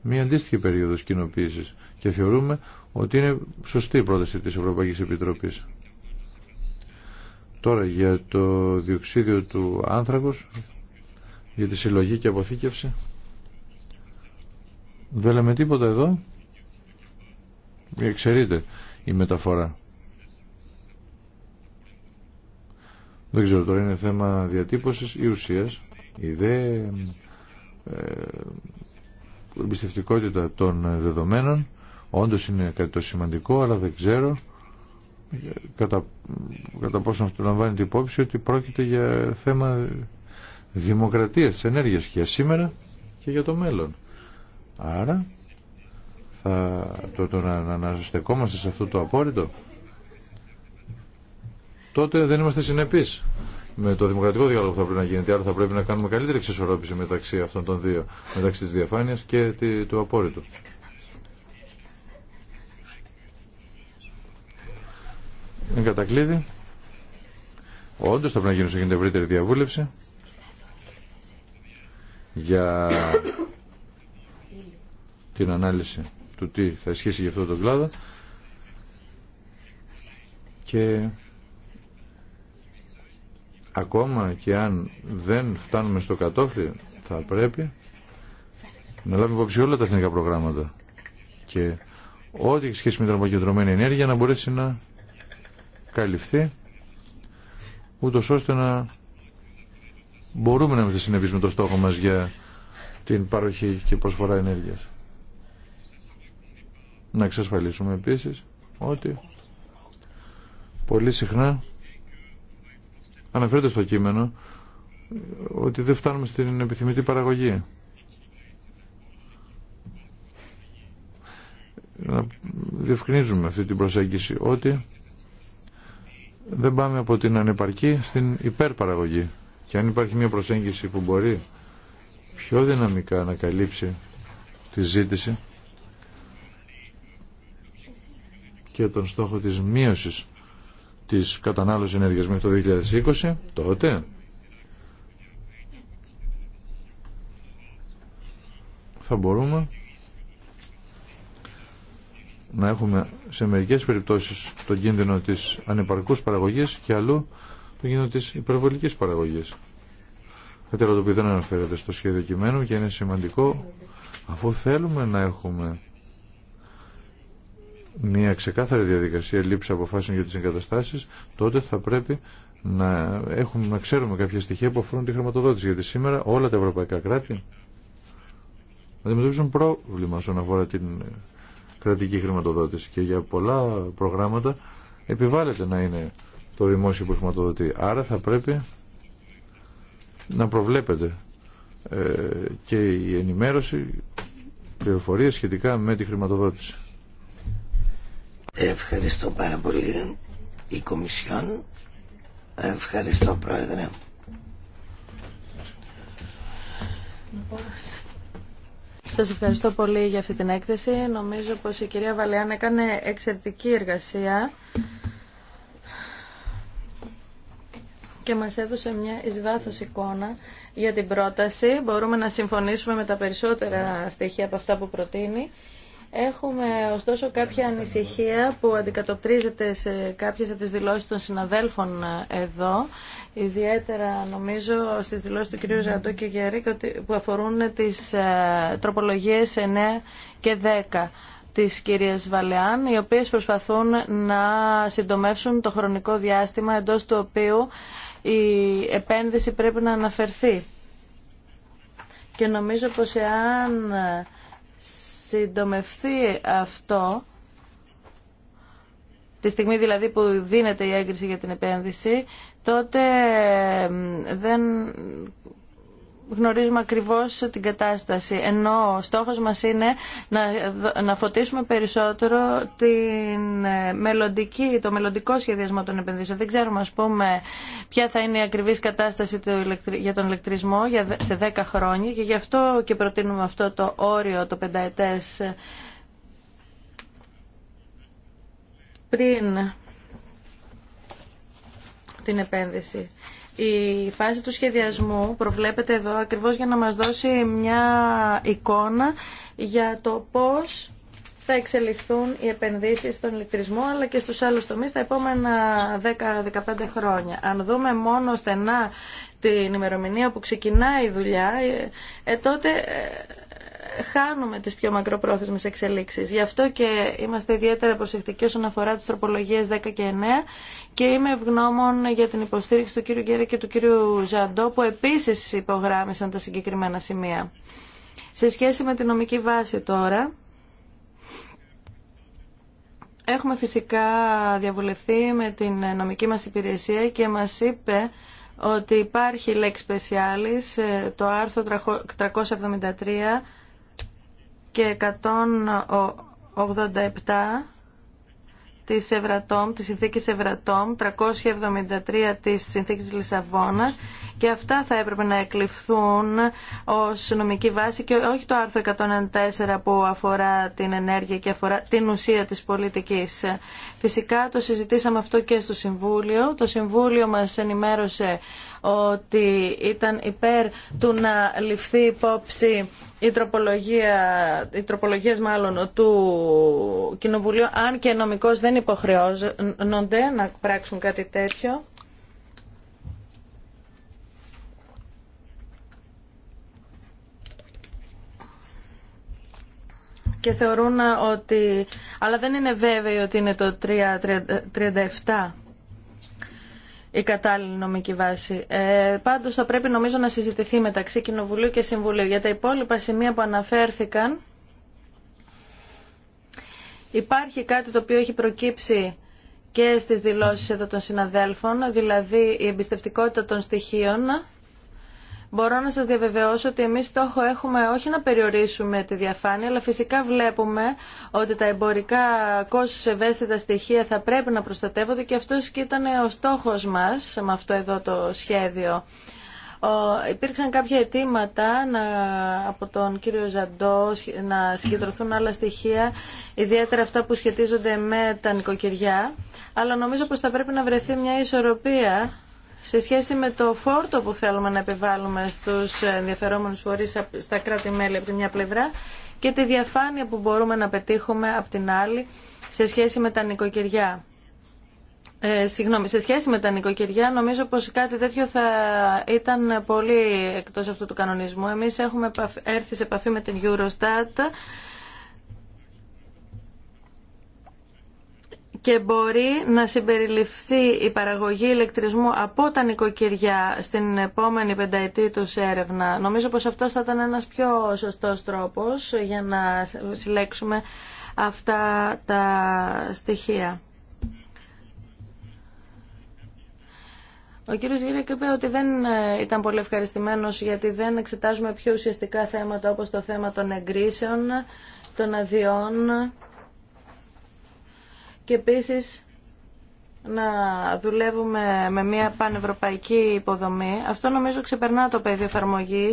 μία αντίστοιχη περίοδος κοινοποίησης και θεωρούμε ότι είναι σωστή η πρόταση της Ευρωπαϊκής Επιτροπής. Τώρα για το διοξίδιο του άνθρακος, για τη συλλογή και αποθήκευση. Δεν λέμε τίποτα εδώ. Εξαιρείται η μεταφορά. Δεν ξέρω τώρα είναι θέμα διατύπωσης ή ουσίας. Η δε ε, εμπιστευτικότητα των δεδομένων όντως είναι κάτι το σημαντικό αλλά δεν ξέρω κατά, κατά πόσο αυτό λαμβάνει την υπόψη ότι πρόκειται για θέμα δημοκρατίας της ενέργειας για σήμερα και για το μέλλον. Άρα θα, το, το να, αναστεκόμαστε σε αυτό το απόρριτο τότε δεν είμαστε συνεπείς με το δημοκρατικό διάλογο που θα πρέπει να γίνεται. Άρα θα πρέπει να κάνουμε καλύτερη εξισορρόπηση μεταξύ αυτών των δύο, μεταξύ της διαφάνειας και του απόρριτου. κατακλείδη. Όντω θα πρέπει να γίνει γίνεται ευρύτερη διαβούλευση για την ανάλυση του τι θα ισχύσει για αυτό το κλάδο και ακόμα και αν δεν φτάνουμε στο κατόφλι θα πρέπει να λάβουμε υπόψη όλα τα εθνικά προγράμματα και ό,τι έχει σχέση με την αποκεντρωμένη ενέργεια να μπορέσει να καλυφθεί ούτω ώστε να μπορούμε να μην συνεπείς το στόχο μας για την παροχή και προσφορά ενέργειας. Να εξασφαλίσουμε επίσης ότι πολύ συχνά αναφέρεται στο κείμενο ότι δεν φτάνουμε στην επιθυμητή παραγωγή. Να διευκρινίζουμε αυτή την προσέγγιση ότι δεν πάμε από την ανεπαρκή στην υπερπαραγωγή. Και αν υπάρχει μια προσέγγιση που μπορεί πιο δυναμικά να καλύψει τη ζήτηση και τον στόχο της μείωσης της κατανάλωσης ενέργειας μέχρι το 2020, τότε θα μπορούμε να έχουμε σε μερικές περιπτώσεις τον κίνδυνο της ανεπαρκούς παραγωγής και αλλού τον κίνδυνο της υπερβολικής παραγωγής. Κάτι άλλο το οποίο δεν αναφέρεται στο σχέδιο κειμένου και είναι σημαντικό αφού θέλουμε να έχουμε μια ξεκάθαρη διαδικασία λήψη αποφάσεων για τις εγκαταστάσεις τότε θα πρέπει να, έχουμε, να ξέρουμε κάποια στοιχεία που αφορούν τη χρηματοδότηση γιατί σήμερα όλα τα ευρωπαϊκά κράτη αντιμετωπίζουν πρόβλημα όσον αφορά την κρατική χρηματοδότηση και για πολλά προγράμματα επιβάλλεται να είναι το δημόσιο που χρηματοδοτεί. Άρα θα πρέπει να προβλέπεται ε, και η ενημέρωση πληροφορία σχετικά με τη χρηματοδότηση. Ευχαριστώ πάρα πολύ η Κομισιόν. Ευχαριστώ Πρόεδρε. Σας ευχαριστώ πολύ για αυτή την έκθεση. Νομίζω πως η κυρία Βαλεάν έκανε εξαιρετική εργασία και μας έδωσε μια εις εικόνα για την πρόταση. Μπορούμε να συμφωνήσουμε με τα περισσότερα στοιχεία από αυτά που προτείνει Έχουμε ωστόσο κάποια ανησυχία που αντικατοπτρίζεται σε κάποιες από τις δηλώσεις των συναδέλφων ε, εδώ, ιδιαίτερα νομίζω στις δηλώσεις του κ. Ζαντό και Γερή που αφορούν τις ε, τροπολογίες 9 και 10 της κυρίας Βαλεάν, οι οποίες προσπαθούν να συντομεύσουν το χρονικό διάστημα εντός του οποίου η επένδυση πρέπει να αναφερθεί. Και νομίζω πως εάν συντομευθεί αυτό, τη στιγμή δηλαδή που δίνεται η έγκριση για την επένδυση, τότε δεν γνωρίζουμε ακριβώς την κατάσταση. Ενώ ο στόχος μας είναι να, φωτίσουμε περισσότερο την ε, μελλοντική, το μελλοντικό σχεδιασμό των επενδύσεων. Δεν ξέρουμε, ας πούμε, ποια θα είναι η ακριβής κατάσταση για τον ηλεκτρισμό σε 10 χρόνια και γι' αυτό και προτείνουμε αυτό το όριο το πενταετές ε, πριν την επένδυση. Η φάση του σχεδιασμού προβλέπεται εδώ ακριβώς για να μας δώσει μια εικόνα για το πώς θα εξελιχθούν οι επενδύσεις στον ηλεκτρισμό αλλά και στους άλλους τομείς τα επόμενα 10-15 χρόνια. Αν δούμε μόνο στενά την ημερομηνία που ξεκινάει η δουλειά, ε, ε τότε ε, χάνουμε τις πιο μακροπρόθεσμες εξελίξεις. Γι' αυτό και είμαστε ιδιαίτερα προσεκτικοί όσον αφορά τις τροπολογίες 10 και 9 και είμαι ευγνώμων για την υποστήριξη του κύριου Γκέρα και του κύριου Ζαντό που επίσης υπογράμμισαν τα συγκεκριμένα σημεία. Σε σχέση με την νομική βάση τώρα, έχουμε φυσικά διαβουλευτεί με την νομική μας υπηρεσία και μας είπε ότι υπάρχει λέξη specialis, ε, το άρθρο 373 και 187 της Ευρατόμ, της συνθήκης Ευρατόμ, 373 της συνθήκης Λισαβόνας και αυτά θα έπρεπε να εκλειφθούν ως νομική βάση και όχι το άρθρο 194 που αφορά την ενέργεια και αφορά την ουσία της πολιτικής. Φυσικά το συζητήσαμε αυτό και στο Συμβούλιο. Το Συμβούλιο μας ενημέρωσε ότι ήταν υπέρ του να ληφθεί υπόψη η οι τροπολογίες μάλλον του Κοινοβουλίου, αν και νομικώς δεν υποχρεώνονται να πράξουν κάτι τέτοιο. και θεωρούν ότι... Αλλά δεν είναι βέβαιοι ότι είναι το 337 η κατάλληλη νομική βάση. Ε, πάντως θα πρέπει νομίζω να συζητηθεί μεταξύ Κοινοβουλίου και Συμβουλίου. Για τα υπόλοιπα σημεία που αναφέρθηκαν υπάρχει κάτι το οποίο έχει προκύψει και στις δηλώσεις εδώ των συναδέλφων, δηλαδή η εμπιστευτικότητα των στοιχείων Μπορώ να σας διαβεβαιώσω ότι εμείς στόχο έχουμε όχι να περιορίσουμε τη διαφάνεια, αλλά φυσικά βλέπουμε ότι τα εμπορικά κόστος ευαίσθητα στοιχεία θα πρέπει να προστατεύονται και αυτός και ήταν ο στόχος μας με αυτό εδώ το σχέδιο. Υπήρξαν κάποια αιτήματα να, από τον κύριο Ζαντό να συγκεντρωθούν άλλα στοιχεία, ιδιαίτερα αυτά που σχετίζονται με τα νοικοκυριά, αλλά νομίζω πως θα πρέπει να βρεθεί μια ισορροπία σε σχέση με το φόρτο που θέλουμε να επιβάλλουμε στους ενδιαφερόμενους φορείς στα κράτη-μέλη από τη μια πλευρά και τη διαφάνεια που μπορούμε να πετύχουμε από την άλλη σε σχέση με τα νοικοκυριά. Ε, συγγνώμη, σε σχέση με τα νοικοκυριά νομίζω πως κάτι τέτοιο θα ήταν πολύ εκτός αυτού του κανονισμού. Εμείς έχουμε έρθει σε επαφή με την Eurostat και μπορεί να συμπεριληφθεί η παραγωγή ηλεκτρισμού από τα νοικοκυριά στην επόμενη πενταετή τους έρευνα. Νομίζω πως αυτό θα ήταν ένας πιο σωστός τρόπος για να συλλέξουμε αυτά τα στοιχεία. Ο κύριος Γύρεκ είπε ότι δεν ε, ήταν πολύ ευχαριστημένος γιατί δεν εξετάζουμε πιο ουσιαστικά θέματα όπως το θέμα των εγκρίσεων, των αδειών και επίσης να δουλεύουμε με μια πανευρωπαϊκή υποδομή. Αυτό νομίζω ξεπερνά το πεδίο εφαρμογή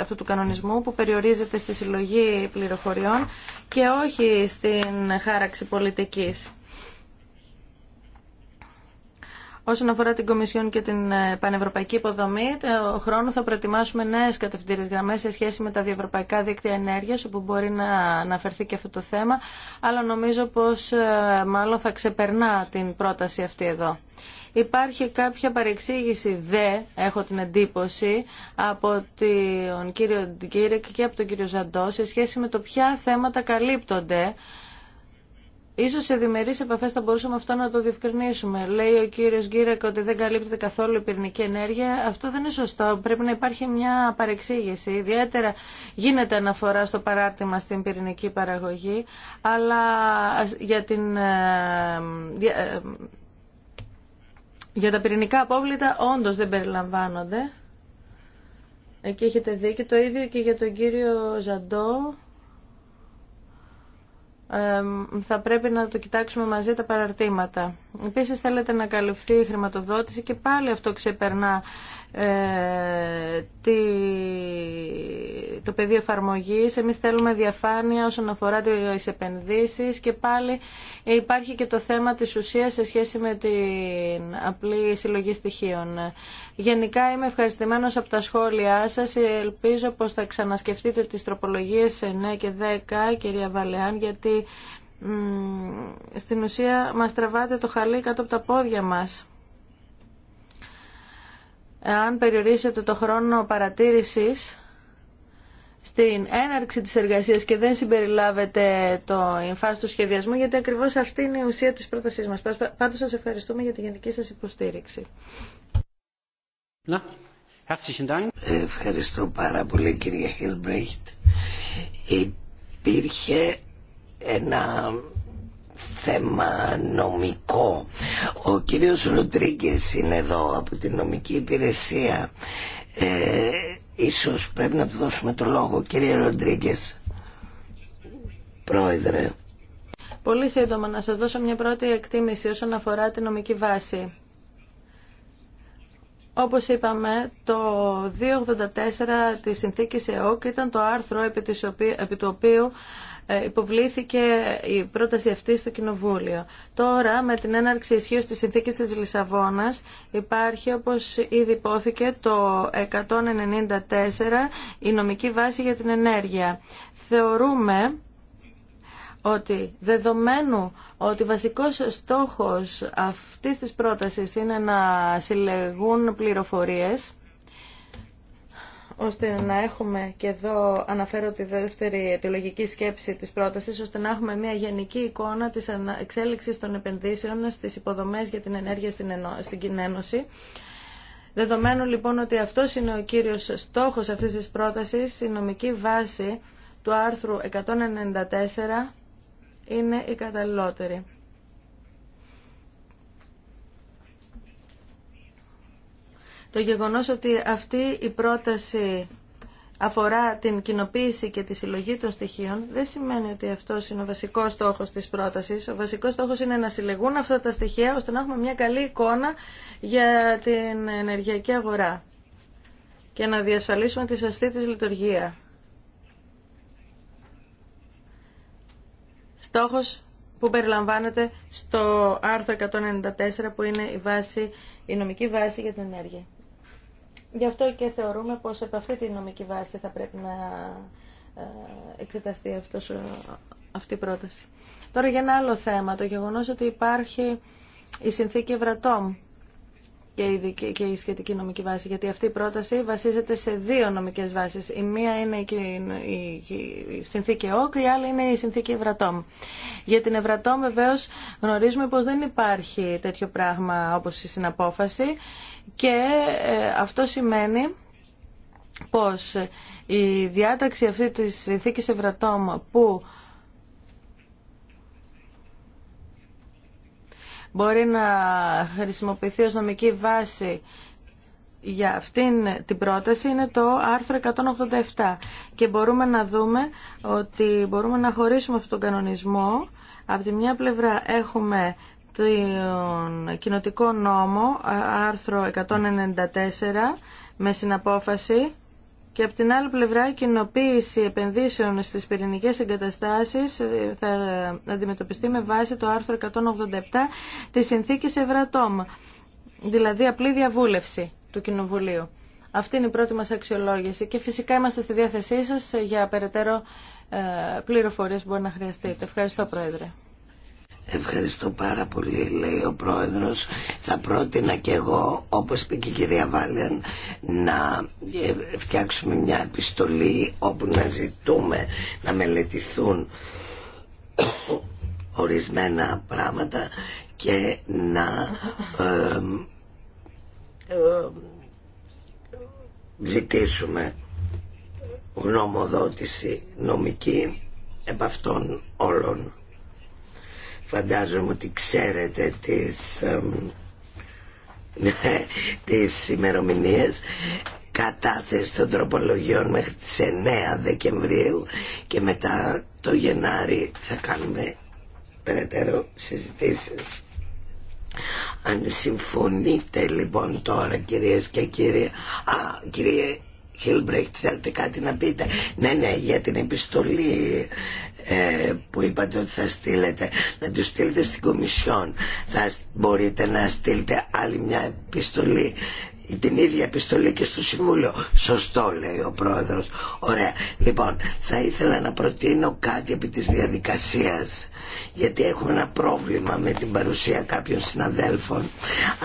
αυτού του κανονισμού που περιορίζεται στη συλλογή πληροφοριών και όχι στην χάραξη πολιτικής. Όσον αφορά την Κομισιόν και την ε, πανευρωπαϊκή υποδομή, το χρόνο θα προετοιμάσουμε νέε κατευθυντήρε γραμμέ σε σχέση με τα διευρωπαϊκά δίκτυα ενέργεια, όπου μπορεί να αναφερθεί και αυτό το θέμα, αλλά νομίζω πω ε, μάλλον θα ξεπερνά την πρόταση αυτή εδώ. Υπάρχει κάποια παρεξήγηση δε, έχω την εντύπωση, από τον κύριο Ντγκίρεκ και από τον κύριο Ζαντό σε σχέση με το ποια θέματα καλύπτονται Ίσως σε διμερείς επαφές θα μπορούσαμε αυτό να το διευκρινίσουμε. Λέει ο κύριος Γκύρακ ότι δεν καλύπτεται καθόλου η πυρηνική ενέργεια. Αυτό δεν είναι σωστό. Πρέπει να υπάρχει μια παρεξήγηση. Ιδιαίτερα γίνεται αναφορά στο παράρτημα στην πυρηνική παραγωγή, αλλά για την ε, ε, για τα πυρηνικά απόβλητα όντως δεν περιλαμβάνονται. Εκεί έχετε δει το ίδιο και για τον κύριο Ζαντό θα πρέπει να το κοιτάξουμε μαζί τα παραρτήματα. Επίσης θέλετε να καλυφθεί η χρηματοδότηση και πάλι αυτό ξεπερνά ε, το πεδίο εφαρμογή. Εμεί θέλουμε διαφάνεια όσον αφορά τι επενδύσει και πάλι υπάρχει και το θέμα της ουσίας σε σχέση με την απλή συλλογή στοιχείων. Γενικά είμαι ευχαριστημένος από τα σχόλιά σας. Ελπίζω πως θα ξανασκεφτείτε τι τροπολογίε 9 και 10, κυρία Βαλεάν, γιατί στην ουσία μα τραβάτε το χαλί κάτω από τα πόδια μας αν περιορίσετε το χρόνο παρατήρησης στην έναρξη της εργασίας και δεν συμπεριλάβετε το φάση του σχεδιασμού, γιατί ακριβώς αυτή είναι η ουσία της πρότασής μας. Πάντως σας ευχαριστούμε για τη γενική σας υποστήριξη. Ευχαριστώ πάρα πολύ κυρία Χιλμπρέχτ. Υπήρχε ένα θέμα νομικό. Ο κύριος Ροντρίγκες είναι εδώ από την νομική υπηρεσία. Ε, ίσως πρέπει να του δώσουμε το λόγο. Κύριε Ροντρίγκες, πρόεδρε. Πολύ σύντομα να σας δώσω μια πρώτη εκτίμηση όσον αφορά την νομική βάση. Όπως είπαμε, το 284 της συνθήκης ΕΟΚ ήταν το άρθρο επί, του οποίου ε, υποβλήθηκε η πρόταση αυτή στο Κοινοβούλιο. Τώρα, με την έναρξη ισχύω τη συνθήκη τη Λισαβόνα, υπάρχει, όπω ήδη υπόθηκε, το 194 η νομική βάση για την ενέργεια. Θεωρούμε ότι δεδομένου ότι βασικός στόχος αυτής της πρότασης είναι να συλλεγούν πληροφορίες ώστε να έχουμε και εδώ αναφέρω τη δεύτερη αιτιολογική σκέψη της πρότασης, ώστε να έχουμε μια γενική εικόνα της εξέλιξης των επενδύσεων στις υποδομές για την ενέργεια στην Ένωση. Δεδομένου λοιπόν ότι αυτό είναι ο κύριος στόχος αυτής της πρότασης, η νομική βάση του άρθρου 194 είναι η καταλληλότερη. Το γεγονός ότι αυτή η πρόταση αφορά την κοινοποίηση και τη συλλογή των στοιχείων, δεν σημαίνει ότι αυτό είναι ο βασικό στόχο τη πρόταση. Ο βασικό στόχο είναι να συλλεγούν αυτά τα στοιχεία ώστε να έχουμε μια καλή εικόνα για την ενεργειακή αγορά και να διασφαλίσουμε τη σωστή τη λειτουργία. Στόχος που περιλαμβάνεται στο άρθρο 194 που είναι η νομική βάση για την ενέργεια. Γι' αυτό και θεωρούμε πως από αυτή τη νομική βάση θα πρέπει να ε, εξεταστεί αυτός, ε, αυτή η πρόταση. Τώρα για ένα άλλο θέμα, το γεγονός ότι υπάρχει η συνθήκη Ευρατόμ και η σχετική νομική βάση. Γιατί αυτή η πρόταση βασίζεται σε δύο νομικές βάσεις. Η μία είναι η συνθήκη ΟΚ, η άλλη είναι η συνθήκη Ευρατόμ. Για την Ευρατόμ βεβαίως γνωρίζουμε πως δεν υπάρχει τέτοιο πράγμα όπως η συναπόφαση και ε, αυτό σημαίνει πως η διάταξη αυτή της συνθήκης Ευρατόμ που μπορεί να χρησιμοποιηθεί ως νομική βάση για αυτήν την πρόταση είναι το άρθρο 187 και μπορούμε να δούμε ότι μπορούμε να χωρίσουμε αυτόν τον κανονισμό. Από τη μια πλευρά έχουμε τον κοινοτικό νόμο άρθρο 194 με συναπόφαση και από την άλλη πλευρά, η κοινοποίηση επενδύσεων στις πυρηνικές εγκαταστάσεις ε, θα αντιμετωπιστεί με βάση το άρθρο 187 της Συνθήκης Ευρατόμ, δηλαδή απλή διαβούλευση του Κοινοβουλίου. Αυτή είναι η πρώτη μας αξιολόγηση και φυσικά είμαστε στη διάθεσή σας για περαιτέρω ε, πληροφορίες που μπορεί να χρειαστείτε. Ευχαριστώ, Πρόεδρε. Ευχαριστώ πάρα πολύ, λέει ο πρόεδρος. Θα πρότεινα και εγώ, όπως είπε και η κυρία Βάλιαν, να ε, φτιάξουμε μια επιστολή όπου να ζητούμε να μελετηθούν ορισμένα πράγματα και να ε, ζητήσουμε γνωμοδότηση νομική επ' αυτών όλων. Φαντάζομαι ότι ξέρετε τις, ε, τις ημερομηνίες κατάθεση των τροπολογιών μέχρι τις 9 Δεκεμβρίου και μετά το Γενάρη θα κάνουμε περαιτέρω συζητήσεις. Αν συμφωνείτε λοιπόν τώρα κυρίες και κύριοι, α, κύριε Χίλμπρεχτ θέλετε κάτι να πείτε Ναι ναι για την επιστολή ε, που είπατε ότι θα στείλετε Να τη στείλετε στην Κομισιόν Θα μπορείτε να στείλετε άλλη μια επιστολή την ίδια επιστολή και στο Συμβούλιο. Σωστό λέει ο Πρόεδρος. Ωραία. Λοιπόν, θα ήθελα να προτείνω κάτι επί της διαδικασίας γιατί έχουμε ένα πρόβλημα με την παρουσία κάποιων συναδέλφων.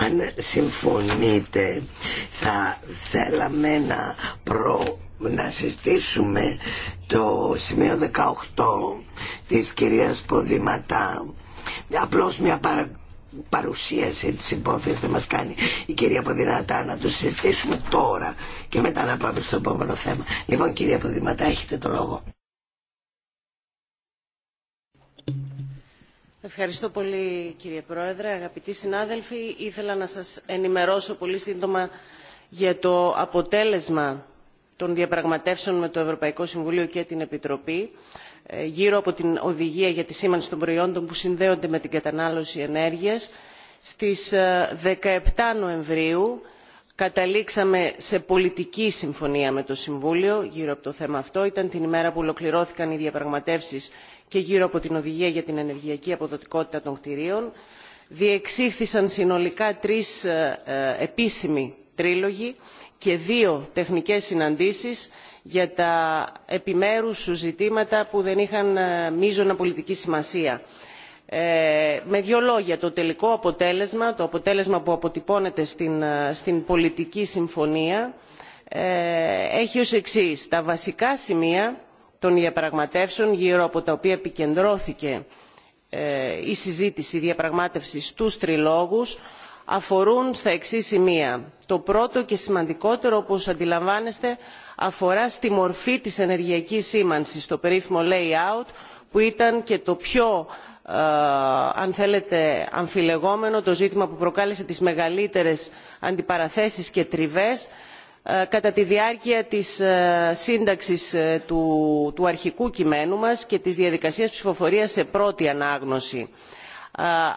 Αν συμφωνείτε θα θέλαμε να, προ... να συστήσουμε το σημείο 18 της κυρίας Ποδηματά. Απλώς μια παρα παρουσίαση της υπόθεσης θα μας κάνει η κυρία Ποδηματά να το συζητήσουμε τώρα και μετά να πάμε στο επόμενο θέμα. Λοιπόν κυρία Ποδηματά έχετε το λόγο. Ευχαριστώ πολύ κύριε Πρόεδρε. Αγαπητοί συνάδελφοι, ήθελα να σας ενημερώσω πολύ σύντομα για το αποτέλεσμα των διαπραγματεύσεων με το Ευρωπαϊκό Συμβουλίο και την Επιτροπή ε, γύρω από την οδηγία για τη σήμανση των προϊόντων που συνδέονται με την κατανάλωση ενέργειας στις 17 ε, Νοεμβρίου καταλήξαμε σε πολιτική συμφωνία με το συμβούλιο γύρω από το θέμα αυτό ήταν την ημέρα που ολοκληρώθηκαν οι διαπραγματεύσεις και γύρω από την οδηγία για την ενεργειακή αποδοτικότητα των κτηρίων διεξήχθησαν συνολικά τρεις ε, ε, επίσημοι τρίλογοι και δύο τεχνικές συναντήσεις για τα επιμέρους ζητήματα που δεν είχαν ε, μείζωνα πολιτική σημασία. Ε, με δύο λόγια το τελικό αποτέλεσμα το αποτέλεσμα που αποτυπώνεται στην, ε, πολιτική συμφωνία ε, έχει ως εξής τα βασικά σημεία των διαπραγματεύσεων γύρω από τα οποία επικεντρώθηκε η συζήτηση η διαπραγμάτευση στους τριλόγους αφορούν στα εξής σημεία το πρώτο και σημαντικότερο όπως αντιλαμβάνεστε αφορά στη μορφή της ενεργειακής σήμανσης το περίφημο layout που ήταν και το πιο ε, αν θέλετε αμφιλεγόμενο το ζήτημα που προκάλεσε τις μεγαλύτερες αντιπαραθέσεις και τριβές ε, κατά τη διάρκεια της ε, σύνταξης του, αρχικού κειμένου μας και της διαδικασίας ψηφοφορίας σε πρώτη ανάγνωση.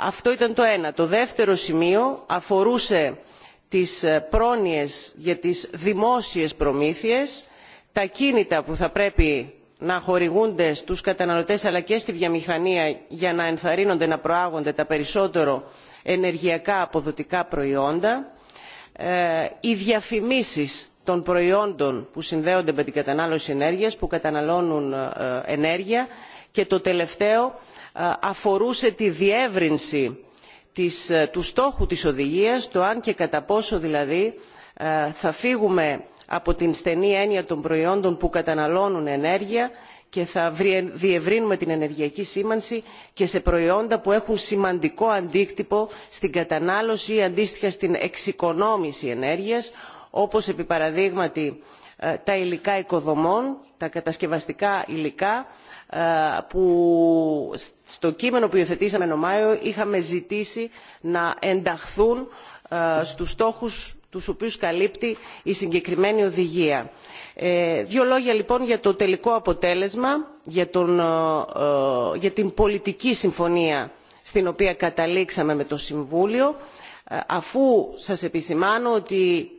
Αυτό ήταν το ένα. Το δεύτερο σημείο αφορούσε τις πρόνοιες για τις δημόσιες προμήθειες, τα κίνητα που θα πρέπει να χορηγούνται στους καταναλωτές αλλά και στη βιομηχανία για να ενθαρρύνονται να προάγονται τα περισσότερο ενεργειακά αποδοτικά προϊόντα ε, οι διαφημίσεις των προϊόντων που συνδέονται με την κατανάλωση ενέργειας που καταναλώνουν ε, ενέργεια και το τελευταίο ε, αφορούσε τη διεύρυνση του στόχου της οδηγίας το αν και κατά πόσο δηλαδή θα φύγουμε από την στενή έννοια των προϊόντων που καταναλώνουν ενέργεια και θα διευρύνουμε την ενεργειακή σήμανση και σε προϊόντα που έχουν σημαντικό αντίκτυπο στην κατανάλωση ή αντίστοιχα στην εξοικονόμηση ενέργειας όπως επί παραδείγματι ε, τα υλικά οικοδομών τα κατασκευαστικά υλικά ε, που στο κείμενο που υιοθετήσαμε τον μάιο είχαμε ζητήσει να ενταχθούν ε, στους στόχους τους οποίους καλύπτει η συγκεκριμένη οδηγία. Ε, δύο λόγια λοιπόν για το τελικό αποτέλεσμα, για, τον, ε, ε, για την πολιτική συμφωνία στην οποία καταλήξαμε με το Συμβούλιο, αφού σας επισημάνω ότι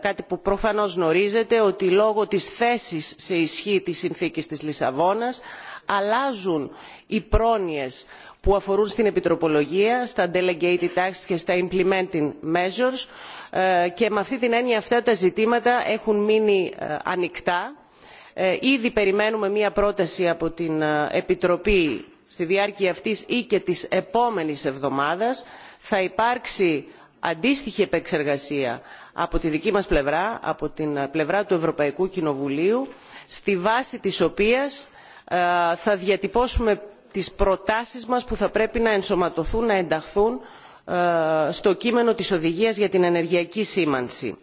κάτι που προφανώς γνωρίζετε ότι λόγω της θέσης σε ισχύ της συνθήκης της λισαβόνας αλλάζουν οι πρόνοιες που αφορούν στην επιτροπολογία στα delegated acts και στα implementing measures ε, και με αυτή την έννοια αυτά τα ζητήματα έχουν μείνει ε, ανοιχτά. Ε, ήδη περιμένουμε μια πρόταση από την επιτροπή στη διάρκεια αυτής ή και της επόμενης εβδομάδας. θα υπάρξει αντίστοιχη επεξεργασία από τη δική μας πλευρά από την πλευρά του ευρωπαϊκού κοινοβουλίου στη βάση της οποίας θα διατυπώσουμε τις προτάσεις μας που θα πρέπει να ενσωματωθούν να ενταχθούν ε, στο κείμενο της οδηγίας για την ενεργειακή σήμανση.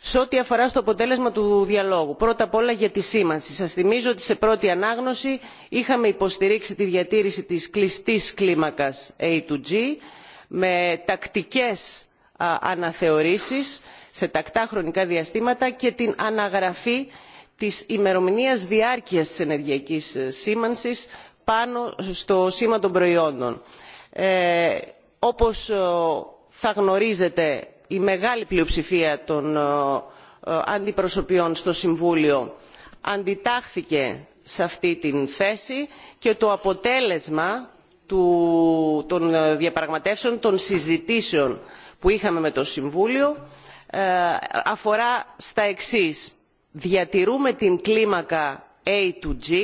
σε ό,τι αφορά στο αποτέλεσμα του διαλόγου πρώτα απ' όλα για τη σήμανση σας θυμίζω ότι σε πρώτη ανάγνωση είχαμε υποστηρίξει τη διατήρηση της κλειστής κλίμακας a 2 g με τακτικές αναθεωρήσεις σε τακτά χρονικά διαστήματα και την αναγραφή της ημερομηνίας διάρκειας της ενεργειακής ε, σήμανσης πάνω στο σήμα των προϊόντων. Ε, όπως ε, θα γνωρίζετε η μεγάλη πλειοψηφία των ε, αντιπροσωπιών στο Συμβούλιο αντιτάχθηκε σε αυτή την θέση και το αποτέλεσμα των διαπραγματεύσεων, των συζητήσεων που είχαμε με το Συμβούλιο αφορά στα εξής. Διατηρούμε την κλίμακα A to G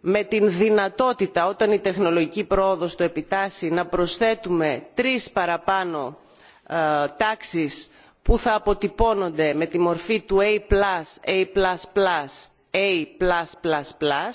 με την δυνατότητα όταν η τεχνολογική πρόοδος το επιτάσσει να προσθέτουμε τρεις παραπάνω ε, τάξεις που θα αποτυπώνονται με τη μορφή του A+, A++, A++++,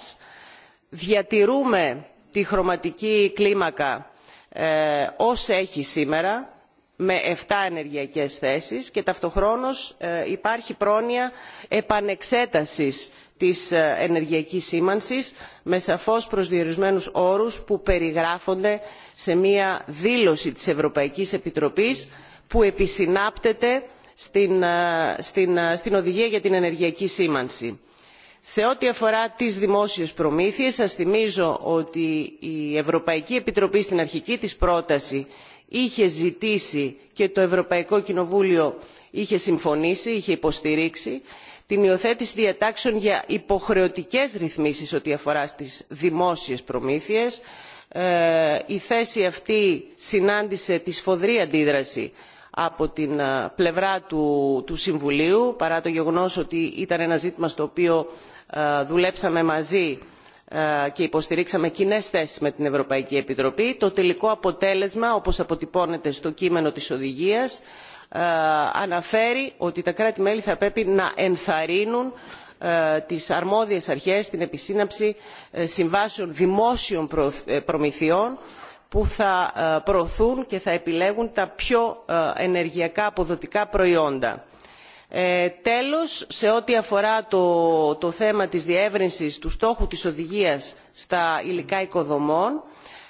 διατηρούμε τη χρωματική κλίμακα ε, έχει σήμερα με 7 ενεργειακές θέσεις και ταυτοχρόνως ε, υπάρχει πρόνοια επανεξέτασης της ε, ενεργειακής σήμανσης με σαφώς προσδιορισμένους όρους που περιγράφονται σε μια δήλωση της Ευρωπαϊκής Επιτροπής που επισυνάπτεται ε, ε, στην, Οδηγία για την Ενεργειακή Σήμανση. Σε ό,τι αφορά τις δημόσιες προμήθειες, σας θυμίζω ότι η Ευρωπαϊκή Επιτροπή στην αρχική της πρόταση είχε ζητήσει και το Ευρωπαϊκό Κοινοβούλιο είχε συμφωνήσει, είχε υποστηρίξει την υιοθέτηση διατάξεων για υποχρεωτικές ρυθμίσεις ό,τι αφορά στις δημόσιες προμήθειες. Ε, η θέση αυτή συνάντησε τη σφοδρή αντίδραση από την ε, πλευρά του, Συμβουλίου, παρά το γεγονός ότι ήταν ένα ζήτημα στο οποίο ε, δουλέψαμε μαζί και υποστηρίξαμε κοινέ θέσεις με την ευρωπαϊκή επιτροπή το τελικό αποτέλεσμα όπως αποτυπώνεται στο κείμενο της οδηγίας ε, αναφέρει ότι τα κράτη μέλη θα πρέπει να ενθαρρύνουν ε, τις αρμόδιες αρχές την επισύναψη ε, συμβάσεων δημόσιων προμηθειών που θα προωθούν και θα επιλέγουν τα πιο ενεργειακά αποδοτικά προϊόντα. τέλος σε ό,τι αφορά το, το θέμα της διεύρυνσης του στόχου της οδηγίας στα υλικά οικοδομών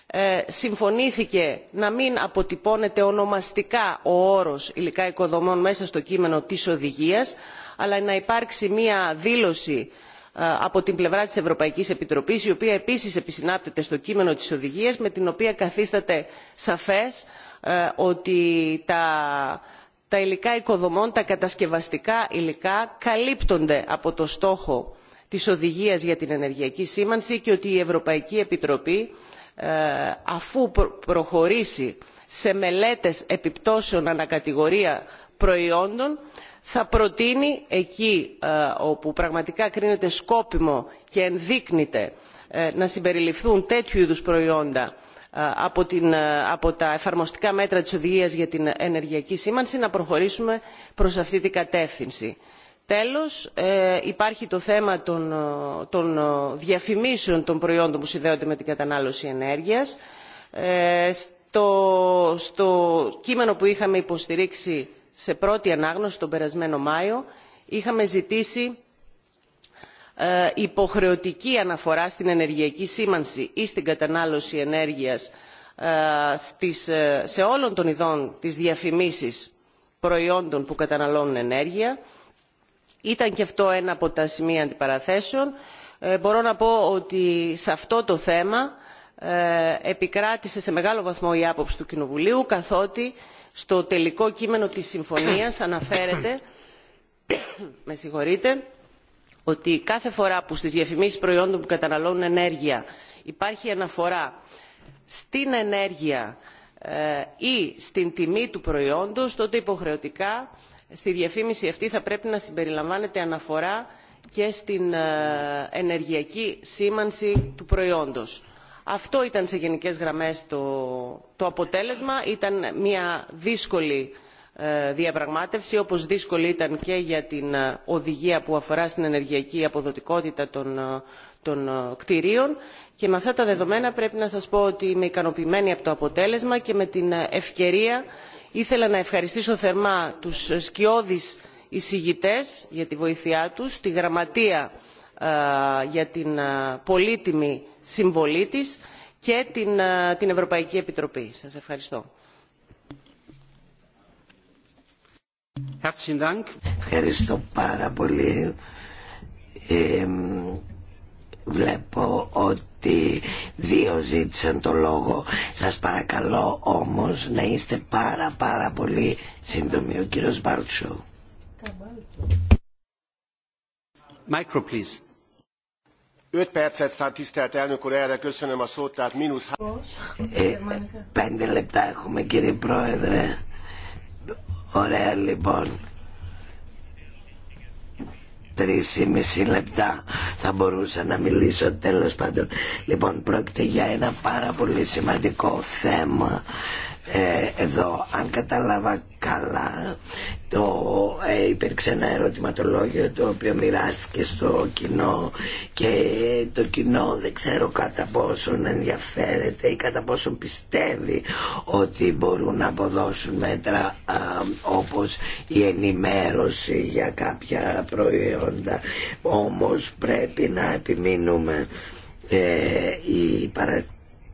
ε, συμφωνήθηκε να μην αποτυπώνεται ονομαστικά ο όρος υλικά οικοδομών μέσα στο κείμενο της οδηγίας αλλά να υπάρξει μια δήλωση ε, από την πλευρά της ευρωπαϊκής επιτροπής η οποία επίσης επισυνάπτεται στο κείμενο της οδηγίας με την οποία καθίσταται σαφές ε, ότι τα υλικά οικοδομών τα κατασκευαστικά υλικά καλύπτονται από το στόχο της οδηγίας για την ενεργειακή σήμανση και ότι η ευρωπαϊκή επιτροπή ε, αφού προχωρήσει σε μελέτες επιπτώσεων ανακατηγορία προϊόντων θα προτείνει εκεί ε, όπου πραγματικά κρίνεται σκόπιμο και ενδείκνυται ε, να συμπεριληφθούν τέτοιου είδους προϊόντα από, από τα εφαρμοστικά μέτρα της οδηγίας για την ενεργειακή σήμανση να προχωρήσουμε προς αυτή την κατεύθυνση τέλος ε, υπάρχει το θέμα των, διαφημίσεων των προϊόντων που συνδέονται με την κατανάλωση ενέργειας. Ε, στο, κείμενο που είχαμε υποστηρίξει σε πρώτη ανάγνωση τον περασμένο μάιο είχαμε ζητήσει ε, υποχρεωτική αναφορά στην ενεργειακή σήμανση ή στην κατανάλωση ενέργειας σε όλων των ειδών της διαφημίσεις προϊόντων που καταναλώνουν ενέργεια ήταν και αυτό ένα από τα σημεία αντιπαραθέσεων. Ε, μπορώ να πω ότι σε αυτό το θέμα ε, επικράτησε σε μεγάλο βαθμό η άποψη του Κοινοβουλίου καθότι στο τελικό κείμενο της συμφωνίας αναφέρεται με συγχωρείτε, ότι κάθε φορά που στις διαφημίσεις προϊόντων που καταναλώνουν ενέργεια υπάρχει αναφορά στην ενέργεια ε, ή στην τιμή του προϊόντος τότε υποχρεωτικά στη διαφήμιση αυτή θα πρέπει να συμπεριλαμβάνεται αναφορά και στην ε, ενεργειακή σήμανση του προϊόντος. Αυτό ήταν σε γενικές γραμμές το, αποτέλεσμα. Ήταν μια δύσκολη ε, διαπραγμάτευση όπως δύσκολη ήταν και για την ε, οδηγία που αφορά στην ενεργειακή αποδοτικότητα των, των κτηρίων και με αυτά τα δεδομένα πρέπει να σας πω ότι είμαι ικανοποιημένη από το αποτέλεσμα και με την ευκαιρία ήθελα να ευχαριστήσω θερμά τους σκιώδεις εισηγητές για τη βοήθειά τους τη γραμματεία ε, για την ε, πολύτιμη συμβολή της και την, ε, την ευρωπαϊκή επιτροπή. σας ευχαριστώ. Ευχαριστώ πάρα πολύ. Βλέπω ότι δύο ζήτησαν το λόγο. Σας παρακαλώ όμως να είστε πάρα πάρα πολύ σύντομοι. Ο κύριος Μπάλτσο. πέντε λεπτά eh, έχουμε κύριε Πρόεδρε. Ωραία λοιπόν τρεις ή λεπτά θα μπορούσα να μιλήσω τέλος πάντων. Λοιπόν, πρόκειται για ένα πάρα πολύ σημαντικό θέμα ε, εδώ αν κατάλαβα καλά το, ε, υπήρξε ένα ερωτηματολόγιο το οποίο μοιράστηκε στο κοινό και το κοινό δεν ξέρω κατά πόσον ενδιαφέρεται ή κατά πόσον πιστεύει ότι μπορούν να αποδώσουν μέτρα α, όπως η ενημέρωση για κάποια προϊόντα όμως πρέπει να αποδωσουν μετρα οπως η ενημερωση για καποια προιοντα ομως πρεπει να επιμεινουμε ε, η παρα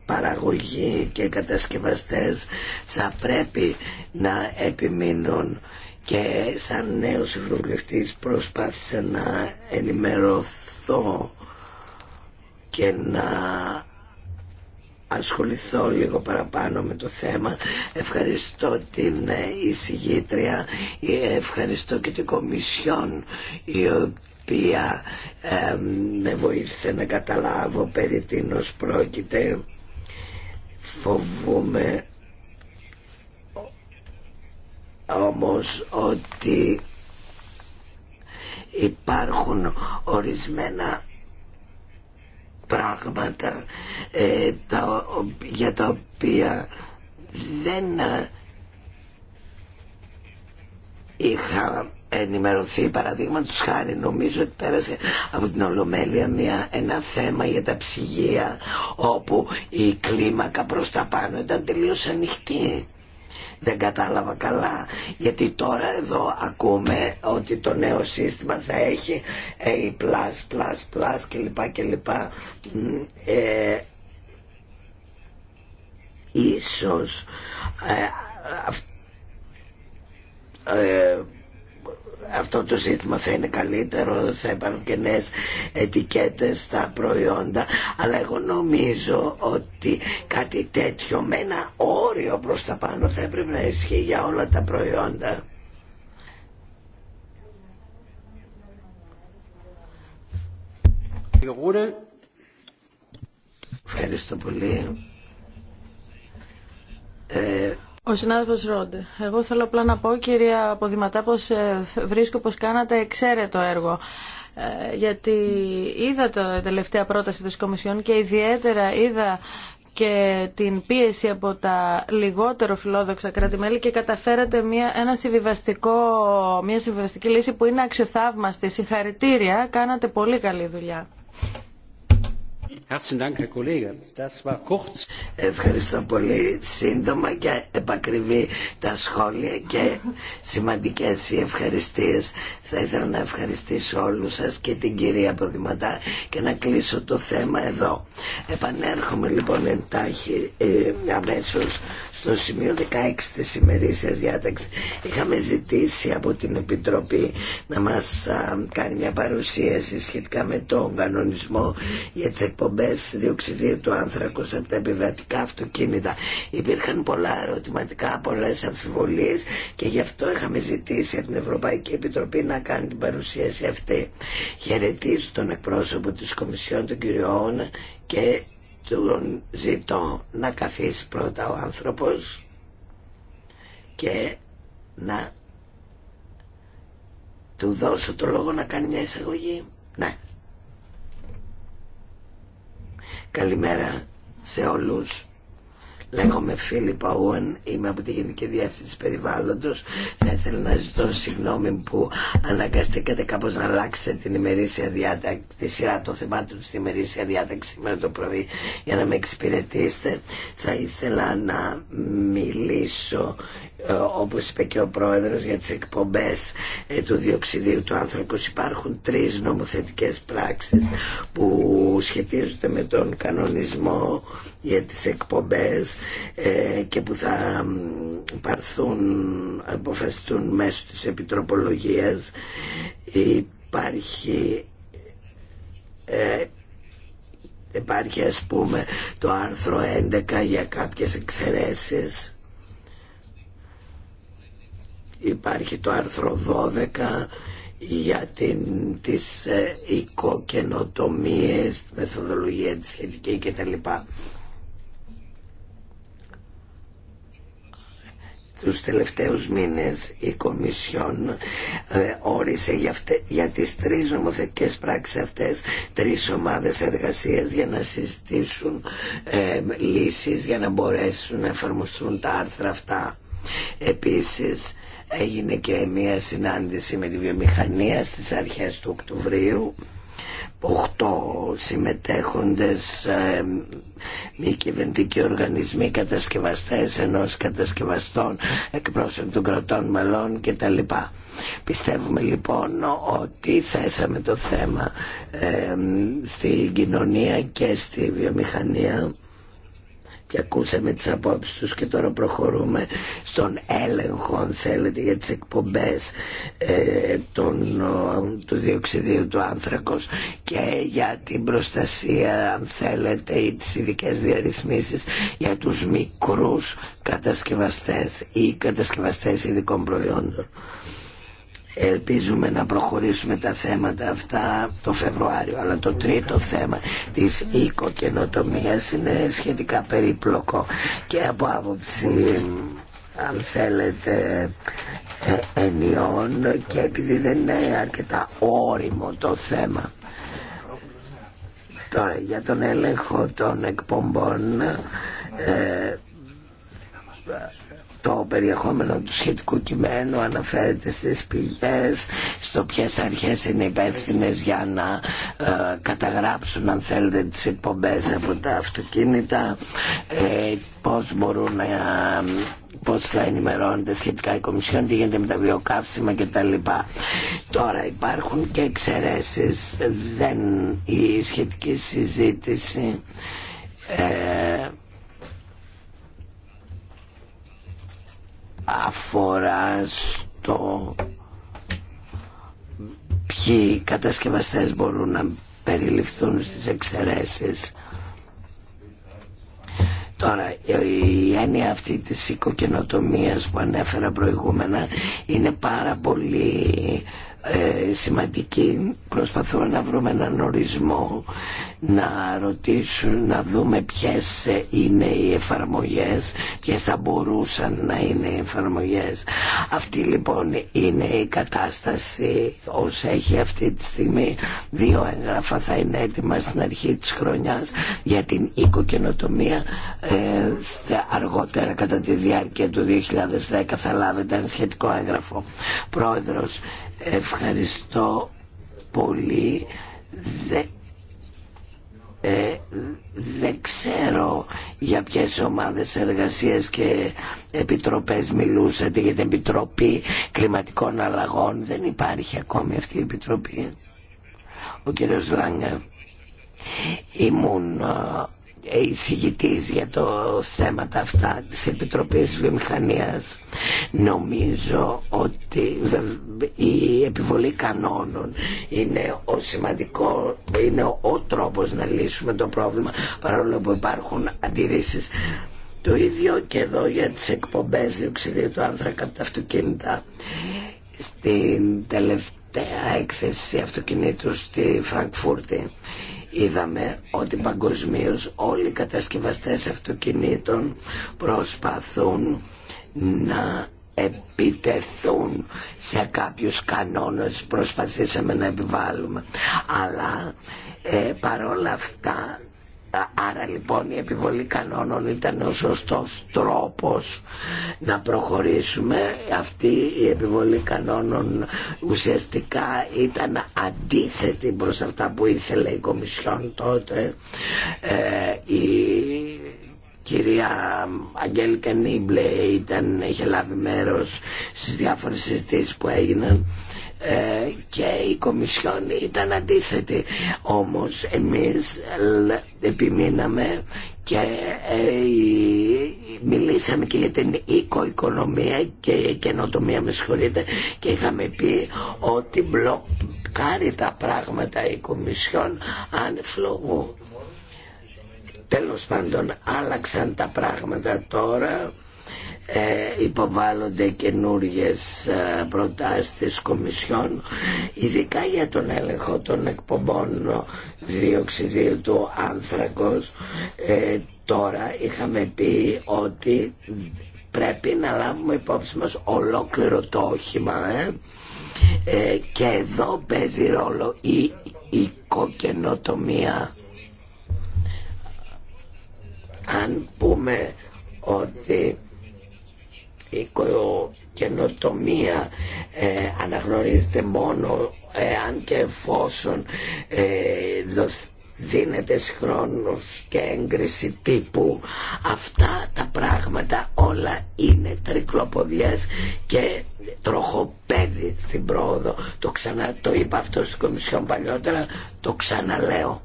παραγωγοί και κατασκευαστές θα πρέπει να επιμείνουν και σαν νέος ευρωβουλευτής προσπάθησα να ενημερωθώ και να ασχοληθώ λίγο παραπάνω με το θέμα. Ευχαριστώ την εισηγήτρια, ευχαριστώ και την Κομισιόν η οποία με βοήθησε να καταλάβω περί τίνος πρόκειται φοβούμε όμως ότι υπάρχουν ορισμένα πράγματα ε, για τα οποία δεν είχα ενημερωθεί παραδείγματος χάρη νομίζω ότι πέρασε από την Ολομέλεια μια, ένα θέμα για τα ψυγεία όπου η κλίμακα προς τα πάνω ήταν τελείως ανοιχτή δεν κατάλαβα καλά γιατί τώρα εδώ ακούμε ότι το νέο σύστημα θα έχει A+++ ε, κλπ κλπ ε, ίσως ε, ε αυτό το σύστημα θα είναι καλύτερο, θα υπάρχουν και νέες ετικέτες στα προϊόντα, αλλά εγώ νομίζω ότι κάτι τέτοιο με ένα όριο προς τα πάνω θα έπρεπε να ισχύει για όλα τα προϊόντα. Ευχαριστώ πολύ. Ε, ο συνάδελφο Ρόντε. Εγώ θέλω απλά να πω, κυρία Αποδηματά, πω ε, βρίσκω πω κάνατε εξαίρετο έργο ε, γιατί είδα το ε, τελευταία πρόταση της Κομισιόν και ιδιαίτερα είδα και την πίεση από τα λιγότερο φιλόδοξα κράτη-μέλη και καταφέρατε μια, ένα συμβιβαστικό, μια συμβιβαστική λύση που είναι αξιοθαύμαστη. Συγχαρητήρια, κάνατε πολύ καλή δουλειά. Ευχαριστώ πολύ. Σύντομα και επακριβή τα σχόλια και σημαντικές οι ευχαριστίες. Θα ήθελα να ευχαριστήσω όλους σας και την κυρία Ποδηματά και να κλείσω το θέμα εδώ. Επανέρχομαι λοιπόν εντάχει ε, αμέσως στο σημείο 16 της ημερήσιας διάταξης είχαμε ζητήσει από την Επιτροπή να μας κάνει μια παρουσίαση σχετικά με τον κανονισμό για τις εκπομπές διοξιδίου του άνθρακος από τα επιβατικά αυτοκίνητα. Υπήρχαν πολλά ερωτηματικά, πολλές αμφιβολίες και γι' αυτό είχαμε ζητήσει από την Ευρωπαϊκή Επιτροπή να κάνει την παρουσίαση αυτή. Χαιρετίζω τον εκπρόσωπο της Κομισιόν, τον κύριο και τον ζητώ να καθίσει πρώτα ο άνθρωπος και να του δώσω το λόγο να κάνει μια εισαγωγή. Ναι. Καλημέρα σε όλους. Λέγομαι Φίλιπ Αούεν, είμαι από τη Γενική Διεύθυνση Περιβάλλοντος. Θα ήθελα να ζητώ συγγνώμη που αναγκαστήκατε κάπως να αλλάξετε την ημερήσια διάταξη, τη σειρά των θεμάτων στην ημερήσια διάταξη σήμερα το πρωί για να με εξυπηρετήσετε. Θα ήθελα να μιλήσω ε, όπως είπε και ο πρόεδρος για τις εκπομπές ε, του διοξιδίου του άνθρακος υπάρχουν τρεις νομοθετικές πράξεις που σχετίζονται με τον κανονισμό για τις εκπομπές ε, και που θα παρθούν μέσω της επιτροπολογίας υπάρχει υπάρχει ας πούμε το άρθρο 11 για κάποιες εξαιρέσεις Υπάρχει το άρθρο 12 για την, τις ε, οικοκαινοτομίες, μεθοδολογία τη σχετική κτλ. Τους τελευταίους μήνες η Κομισιόν ε, όρισε για, αυτε, τις τρεις νομοθετικές πράξεις αυτές τρεις ομάδες εργασίας για να συζητήσουν ε, λύσεις για να μπορέσουν να εφαρμοστούν τα άρθρα αυτά. Επίσης έγινε και μια συνάντηση με τη βιομηχανία στις αρχές του Οκτωβρίου οχτώ συμμετέχοντες ε, μη κυβερνητικοί οργανισμοί κατασκευαστές ενός κατασκευαστών εκπρόσωποι των κρατών μελών κτλ. Πιστεύουμε λοιπόν ότι θέσαμε το θέμα στη ε, στην κοινωνία και στη βιομηχανία και ακούσαμε τις απόψεις τους και τώρα προχωρούμε στον έλεγχο αν θέλετε για τις εκπομπές ε, του διοξιδίου του άνθρακος και για την προστασία αν θέλετε ή τις ειδικέ διαρρυθμίσεις για τους μικρούς κατασκευαστές ή κατασκευαστές ειδικών προϊόντων ελπίζουμε να προχωρήσουμε τα θέματα αυτά το Φεβρουάριο αλλά το τρίτο θέμα της οικοκαινοτομίας είναι σχετικά περίπλοκο και από άποψη αν θέλετε ε, ενιών και επειδή δεν είναι αρκετά όριμο το θέμα τώρα για τον έλεγχο των εκπομπών ε, το περιεχόμενο του σχετικού κειμένου αναφέρεται στις πηγές, στο ποιες αρχές είναι υπεύθυνε για να ε, καταγράψουν αν θέλετε τις εκπομπές από τα αυτοκίνητα, ε, πώς μπορούν να ε, πώ θα ενημερώνεται σχετικά η Κομισιόν, τι γίνεται με τα βιοκαύσιμα κτλ. Τώρα υπάρχουν και εξαιρέσει. Δεν η σχετική συζήτηση. Ε, αφορά στο ποιοι κατασκευαστές μπορούν να περιληφθούν στις εξαιρέσεις. Τώρα, η έννοια αυτή της οικοκαινοτομίας που ανέφερα προηγούμενα είναι πάρα πολύ ε, σημαντική. Προσπαθούμε να βρούμε έναν ορισμό, να ρωτήσουν, να δούμε ποιες είναι οι εφαρμογές, και θα μπορούσαν να είναι οι εφαρμογές. Αυτή λοιπόν είναι η κατάσταση όσο έχει αυτή τη στιγμή. Δύο έγγραφα θα είναι έτοιμα στην αρχή της χρονιάς για την οικοκαινοτομία. Ε, αργότερα κατά τη διάρκεια του 2010 θα λάβετε ένα σχετικό έγγραφο. Πρόεδρος Ευχαριστώ πολύ. Ε, δεν ξέρω για ποιες ομάδες εργασίας και επιτροπές μιλούσατε για την Επιτροπή Κλιματικών Αλλαγών. Δεν υπάρχει ακόμη αυτή η Επιτροπή. Ο κύριος Λάγκα ήμουν ε, εισηγητής για το θέματα αυτά της Επιτροπής Βιομηχανίας νομίζω ότι η επιβολή κανόνων είναι ο σημαντικό είναι ο τρόπος να λύσουμε το πρόβλημα παρόλο που υπάρχουν αντιρρήσεις το ίδιο και εδώ για τις εκπομπές διοξιδίου του άνθρακα από τα αυτοκίνητα στην τελευταία έκθεση αυτοκινήτου στη Φραγκφούρτη είδαμε ότι παγκοσμίω όλοι οι κατασκευαστές αυτοκινήτων προσπαθούν να επιτεθούν σε κάποιους κανόνες προσπαθήσαμε να επιβάλλουμε αλλά ε, παρόλα αυτά Άρα λοιπόν η επιβολή κανόνων ήταν ο σωστός τρόπος να προχωρήσουμε. Αυτή η επιβολή κανόνων ουσιαστικά ήταν αντίθετη προς αυτά που ήθελε η Κομισιόν τότε. Ε, η κυρία Αγγέλικα Νίμπλε ήταν, είχε λάβει μέρος στις διάφορες συζητήσεις που έγιναν ε, και η Κομισιόν ήταν αντίθετη όμως εμείς επιμείναμε και ε, μιλήσαμε και για την οικοοικονομία και καινοτομία με συγχωρείτε και είχαμε πει ότι μπλοκάρει τα πράγματα η Κομισιόν ανεφλογού. τέλος πάντων άλλαξαν τα πράγματα τώρα ε, υποβάλλονται καινούριε προτάσει προτάσεις της Κομισιόν ειδικά για τον έλεγχο των εκπομπών διοξιδίου του άνθρακος ε, τώρα είχαμε πει ότι πρέπει να λάβουμε υπόψη μας ολόκληρο το όχημα ε. Ε, και εδώ παίζει ρόλο η οικοκαινοτομία αν πούμε ότι η καινοτομία ε, αναγνωρίζεται μόνο ε, αν και εφόσον ε, δίνεται χρόνος και έγκριση τύπου αυτά τα πράγματα όλα είναι τρικλοποδιές και τροχοπέδι στην πρόοδο το, ξανα, το είπα αυτό στην Κομισιόν παλιότερα το ξαναλέω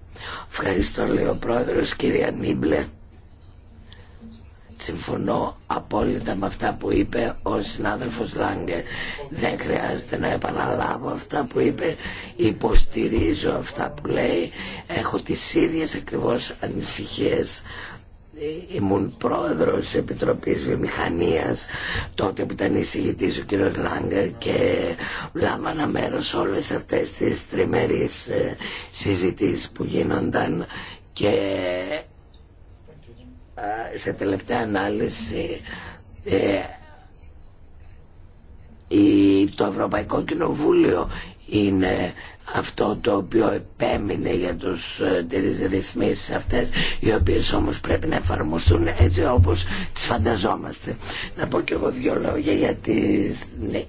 ευχαριστώ λέει ο πρόεδρος κυρία Νίμπλε συμφωνώ απόλυτα με αυτά που είπε ο συνάδελφος Λάγκε. Δεν χρειάζεται να επαναλάβω αυτά που είπε, υποστηρίζω αυτά που λέει, έχω τις ίδιες ακριβώς ανησυχίες. Ήμουν πρόεδρος της Επιτροπής Βιομηχανίας τότε που ήταν εισηγητής ο κ. Λάγκερ και μέρο μέρος όλες αυτές τις τριμερείς ε, συζητήσεις που γίνονταν και ε, σε τελευταία ανάλυση ε, το Ευρωπαϊκό Κοινοβούλιο είναι αυτό το οποίο επέμεινε για τους, ε, τις ρυθμίσεις αυτές οι οποίες όμως πρέπει να εφαρμοστούν έτσι όπως τις φανταζόμαστε να πω και εγώ δύο λόγια για την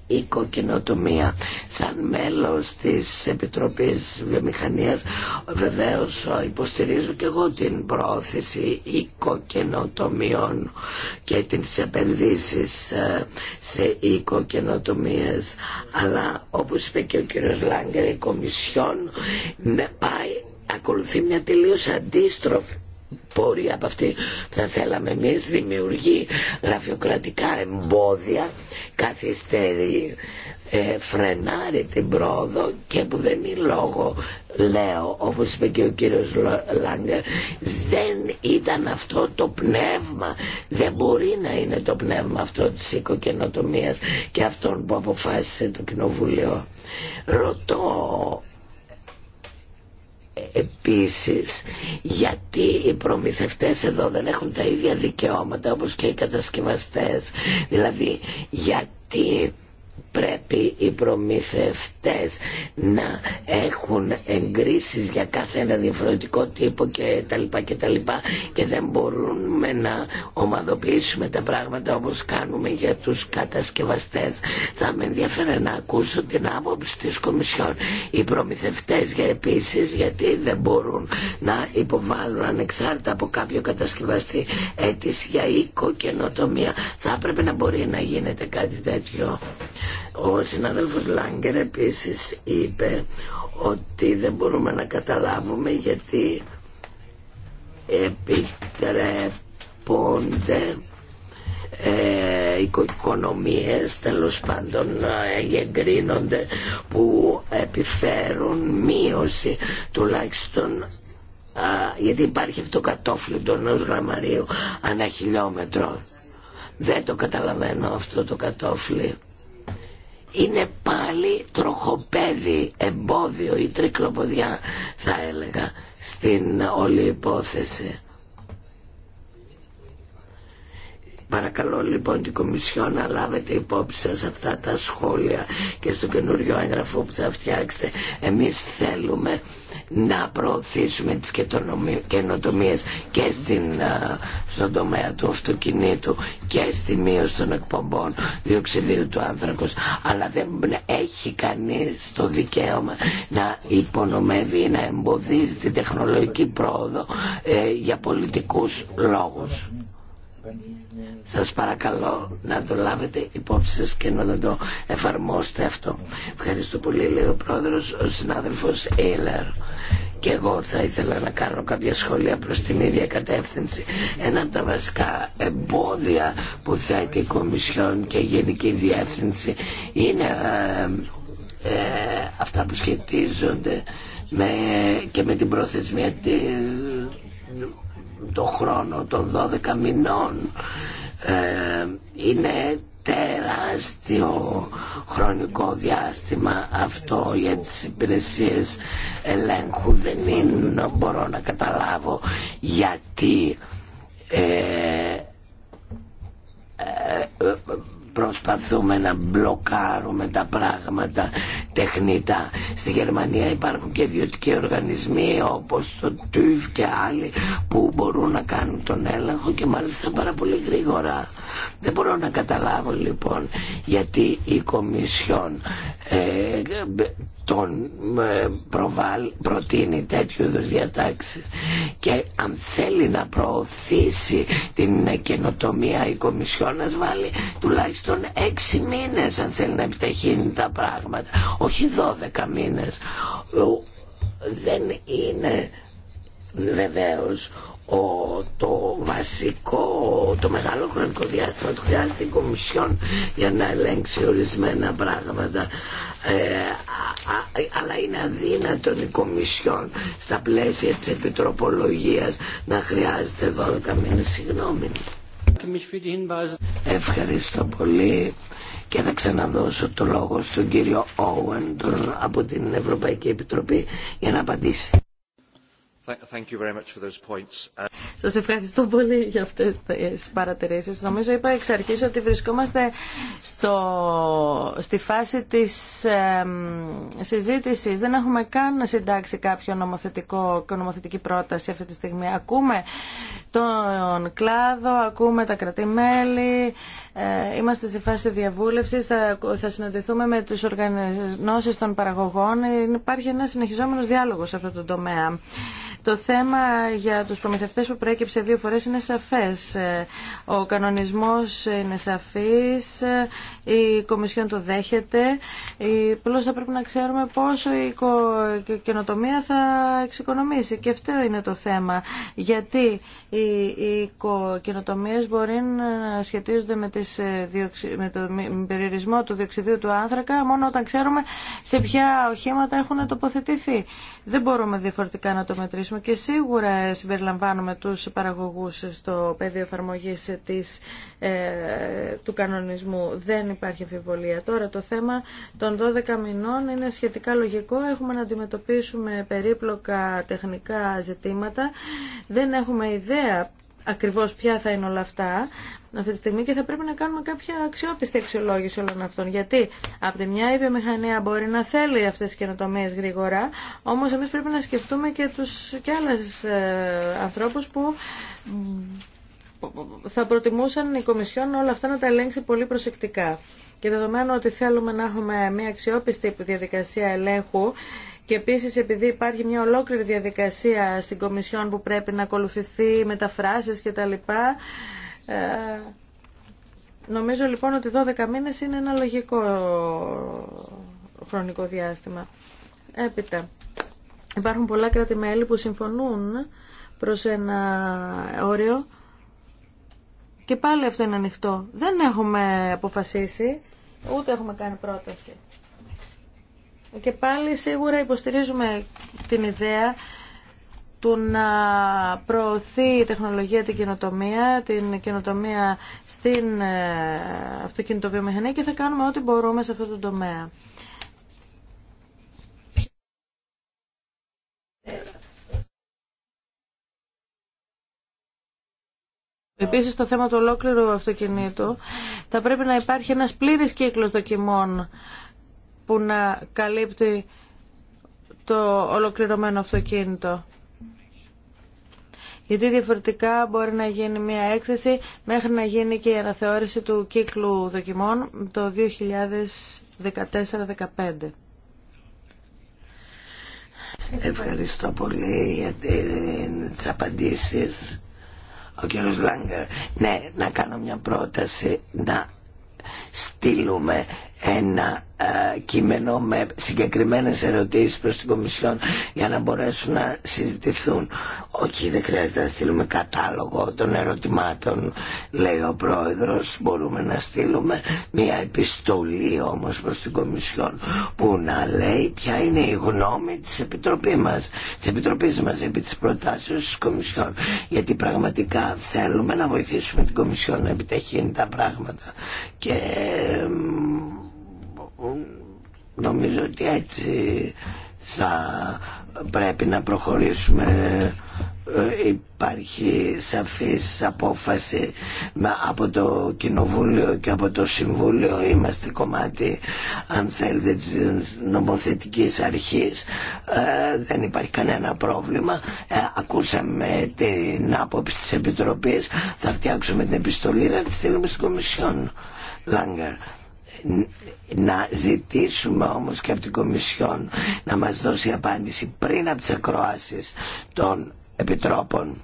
οικοκοινοτομία σαν μέλος της Επιτροπής Βιομηχανίας βεβαίως ε, υποστηρίζω και εγώ την πρόθεση οικοκοινοτομιών και τις επενδύσεις ε, σε οικοκοινοτομίες αλλά όπως είπε και ο κύριος Λάγκερ η νησιών με πάει, ακολουθεί μια τελείως αντίστροφη πορεία από αυτή που θα θέλαμε εμείς δημιουργεί γραφειοκρατικά εμπόδια καθυστερεί ε, φρενάρει την πρόοδο και που δεν είναι λόγο λέω όπως είπε και ο κύριος Λάγκερ δεν ήταν αυτό το πνεύμα δεν μπορεί να είναι το πνεύμα αυτό της οικοκαινοτομίας και αυτόν που αποφάσισε το κοινοβουλίο ρωτώ ε, επίσης γιατί οι προμηθευτές εδώ δεν έχουν τα ίδια δικαιώματα όπως και οι κατασκευαστές δηλαδή γιατί πρέπει οι προμηθευτές να έχουν εγκρίσεις για κάθε ένα διαφορετικό τύπο και τα λοιπά και τα λοιπά και δεν μπορούμε να ομαδοποιήσουμε τα πράγματα όπως κάνουμε για τους κατασκευαστές. Θα με ενδιαφέρε να ακούσω την άποψη της Κομισιόν. Οι προμηθευτές για επίσης γιατί δεν μπορούν να υποβάλουν ανεξάρτητα από κάποιο κατασκευαστή αίτηση για οικοκαινοτομία. Θα έπρεπε να μπορεί να γίνεται κάτι τέτοιο. Ο συνάδελφος Λάγκερ επίσης είπε ότι δεν μπορούμε να καταλάβουμε γιατί επιτρέπονται ε, οικονομίες τέλος πάντων ε, εγκρίνονται που επιφέρουν μείωση τουλάχιστον α, γιατί υπάρχει αυτό το κατόφλι του ενός γραμμαρίου ανά χιλιόμετρο δεν το καταλαβαίνω αυτό το κατόφλι είναι πάλι τροχοπέδι, εμπόδιο ή τρικλοποδιά θα έλεγα στην όλη υπόθεση. Παρακαλώ λοιπόν την Κομισιό να λάβετε υπόψη σας αυτά τα σχόλια και στο καινούριο έγγραφο που θα φτιάξετε. Εμείς θέλουμε να προωθήσουμε τις καινοτομίες και στην, στον τομέα του αυτοκινήτου και στη μείωση των εκπομπών διοξιδίου του άνθρακος αλλά δεν έχει κανείς το δικαίωμα να υπονομεύει ή να εμποδίζει την τεχνολογική πρόοδο ε, για πολιτικούς λόγους. Σας παρακαλώ να το λάβετε υπόψη σας και να το εφαρμόσετε αυτό. Ευχαριστώ πολύ, λέει ο πρόεδρος, ο συνάδελφος Έιλερ. Και εγώ θα ήθελα να κάνω κάποια σχόλια προς την ίδια κατεύθυνση. Ένα από τα βασικά εμπόδια που θέτει η Κομισιόν και η Γενική Διεύθυνση είναι ε, ε, αυτά που σχετίζονται με, και με την προθεσμία τη, το χρόνο των 12 μηνών ε, είναι τεράστιο χρονικό διάστημα αυτό για τις υπηρεσίες ελέγχου δεν μπορώ να καταλάβω γιατί ε, ε, προσπαθούμε να μπλοκάρουμε τα πράγματα τεχνητά. Στη Γερμανία υπάρχουν και ιδιωτικοί οργανισμοί όπως το TÜV και άλλοι που μπορούν να κάνουν τον έλεγχο και μάλιστα πάρα πολύ γρήγορα. Δεν μπορώ να καταλάβω λοιπόν γιατί η Κομισιόν ε, τον ε, προβάλ, προτείνει τέτοιου είδου διατάξει και αν θέλει να προωθήσει την καινοτομία η Κομισιόν βάλει τουλάχιστον έξι μήνες αν θέλει να επιταχύνει τα πράγματα όχι δώδεκα μήνες δεν είναι βεβαίως ο, το βασικό, το μεγάλο χρονικό διάστημα του χρειάζεται η Κομισιόν για να ελέγξει ορισμένα πράγματα. Ε, αλλά είναι αδύνατον η Κομισιόν στα πλαίσια της επιτροπολογίας να χρειάζεται 12 μήνες συγγνώμη. Ευχαριστώ πολύ και θα ξαναδώσω το λόγο στον κύριο Όουεν από την Ευρωπαϊκή Επιτροπή για να απαντήσει. Thank uh, Σας ευχαριστώ πολύ για αυτές τις παρατηρήσεις. Νομίζω είπα εξ αρχής ότι βρισκόμαστε στο, στη φάση της ε, συζήτησης. Δεν έχουμε καν να συντάξει κάποιο νομοθετικό, και νομοθετική πρόταση αυτή τη στιγμή. Ακούμε τον κλάδο, ακούμε τα κρατημέλη, ε, είμαστε σε φάση διαβούλευσης, θα, θα συναντηθούμε με τους οργανώσεις των παραγωγών. Ε, υπάρχει ένα συνεχιζόμενος διάλογος σε αυτό το τομέα. Το θέμα για τους προμηθευτές που προέκυψε δύο φορές είναι σαφές. Ο κανονισμός είναι σαφής, η Κομισιόν το δέχεται. Πλώς θα πρέπει να ξέρουμε πόσο η καινοτομία θα εξοικονομήσει. Και αυτό είναι το θέμα. Γιατί οι καινοτομίες μπορεί να σχετίζονται με, τις, ε, με τον περιορισμό του διοξιδίου του άνθρακα μόνο όταν ξέρουμε σε ποια οχήματα έχουν τοποθετηθεί. Δεν μπορούμε διαφορετικά να το μετρήσουμε και σίγουρα συμπεριλαμβάνουμε τους παραγωγούς στο πεδίο εφαρμογή ε, του κανονισμού. Δεν υπάρχει αμφιβολία. Τώρα το θέμα των 12 μηνών είναι σχετικά λογικό. Έχουμε να αντιμετωπίσουμε περίπλοκα τεχνικά ζητήματα. Δεν έχουμε ιδέα ακριβώς ποια θα είναι όλα αυτά αυτή τη στιγμή και θα πρέπει να κάνουμε κάποια αξιόπιστη αξιολόγηση όλων αυτών. Γιατί από τη μια η βιομηχανία μπορεί να θέλει αυτές τις καινοτομίες γρήγορα, όμως εμείς πρέπει να σκεφτούμε και, τους, και άλλες ε, ανθρώπους που θα προτιμούσαν η Κομισιόν όλα αυτά να τα ελέγξει πολύ προσεκτικά. Και δεδομένου ότι θέλουμε να έχουμε μια αξιόπιστη διαδικασία ελέγχου και επίσης επειδή υπάρχει μια ολόκληρη διαδικασία στην Κομισιόν που πρέπει να ακολουθηθεί μεταφράσεις και τα λοιπά, ε, νομίζω λοιπόν ότι 12 μήνες είναι ένα λογικό χρονικό διάστημα. Έπειτα, υπάρχουν πολλά κράτη-μέλη που συμφωνούν προς ένα όριο και πάλι αυτό είναι ανοιχτό. Δεν έχουμε αποφασίσει, ούτε έχουμε κάνει πρόταση. Και πάλι σίγουρα υποστηρίζουμε την ιδέα του να προωθεί η τεχνολογία την καινοτομία, την καινοτομία στην ε, αυτοκινητοβιομηχανία και θα κάνουμε ό,τι μπορούμε σε αυτό το τομέα. Επίσης το θέμα του ολόκληρου αυτοκινήτου θα πρέπει να υπάρχει ένας πλήρης κύκλος δοκιμών που να καλύπτει το ολοκληρωμένο αυτοκίνητο. Γιατί διαφορετικά μπορεί να γίνει μια έκθεση μέχρι να γίνει και η αναθεώρηση του κύκλου δοκιμών το 2014-2015. Ευχαριστώ πολύ για τις απαντήσεις. Ο κύριος Λάγκερ, ναι, να κάνω μια πρόταση, να στείλουμε ένα ε, κείμενο με συγκεκριμένες ερωτήσεις προς την Κομισιόν για να μπορέσουν να συζητηθούν. Όχι, δεν χρειάζεται να στείλουμε κατάλογο των ερωτημάτων, λέει ο Πρόεδρος. Μπορούμε να στείλουμε μια επιστολή όμως προς την Κομισιόν που να λέει ποια είναι η γνώμη της Επιτροπής μας, της Επιτροπής μας επί της προτάσεως της Κομισιόν. Γιατί πραγματικά θέλουμε να βοηθήσουμε την Κομισιόν να επιτεχύνει τα πράγματα. Και νομίζω ότι έτσι θα πρέπει να προχωρήσουμε ε, υπάρχει σαφής απόφαση από το Κοινοβούλιο και από το Συμβούλιο είμαστε κομμάτι αν θέλετε της νομοθετικής αρχής ε, δεν υπάρχει κανένα πρόβλημα ε, ακούσαμε την άποψη της Επιτροπής θα φτιάξουμε την επιστολή θα τη στείλουμε στην Κομισιόν Λάγκαρ να ζητήσουμε όμως και από την Κομισιόν να μας δώσει απάντηση πριν από τις ακροάσεις των Επιτρόπων.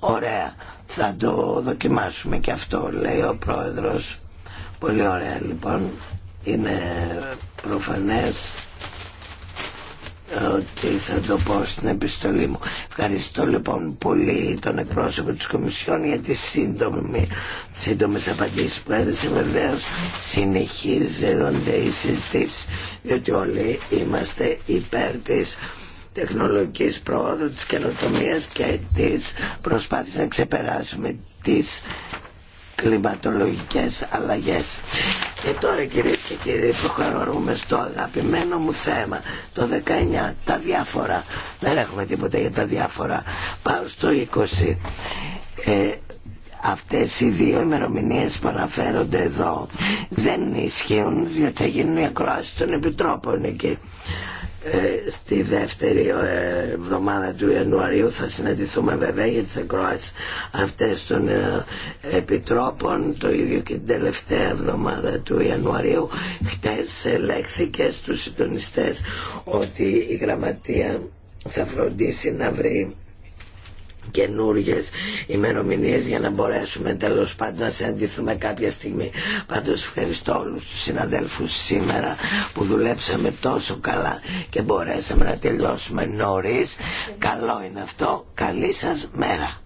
Ωραία, θα το δοκιμάσουμε και αυτό λέει ο Πρόεδρος. Πολύ ωραία λοιπόν, είναι προφανές ότι θα το πω στην επιστολή μου. Ευχαριστώ λοιπόν πολύ τον εκπρόσωπο της Κομισιόν για τις σύντομη, σύντομες απαντήσεις που έδωσε. βεβαίω συνεχίζονται οι συζητήσεις διότι όλοι είμαστε υπέρ της τεχνολογικής πρόοδου της καινοτομίας και της προσπάθειας να ξεπεράσουμε τις κλιματολογικές αλλαγές. Και τώρα κυρίε και κύριοι προχωρούμε στο αγαπημένο μου θέμα, το 19, τα διάφορα. Δεν έχουμε τίποτα για τα διάφορα. Πάω στο 20. Ε, αυτές οι δύο ημερομηνίε που αναφέρονται εδώ δεν ισχύουν διότι θα γίνουν οι ακροάσεις των επιτρόπων εκεί. Ε, στη δεύτερη ε, εβδομάδα του Ιανουαρίου θα συναντηθούμε βέβαια για τις ακροάσεις αυτές των ε, επιτρόπων το ίδιο και την τελευταία εβδομάδα του Ιανουαρίου χτες ελέγχθηκε τους συντονιστές ότι η γραμματεία θα φροντίσει να βρει καινούριε ημερομηνίε για να μπορέσουμε τέλο πάντων να συναντηθούμε κάποια στιγμή. Πάντω ευχαριστώ όλου του συναδέλφου σήμερα που δουλέψαμε τόσο καλά και μπορέσαμε να τελειώσουμε νωρί. Καλό είναι αυτό. Καλή σα μέρα.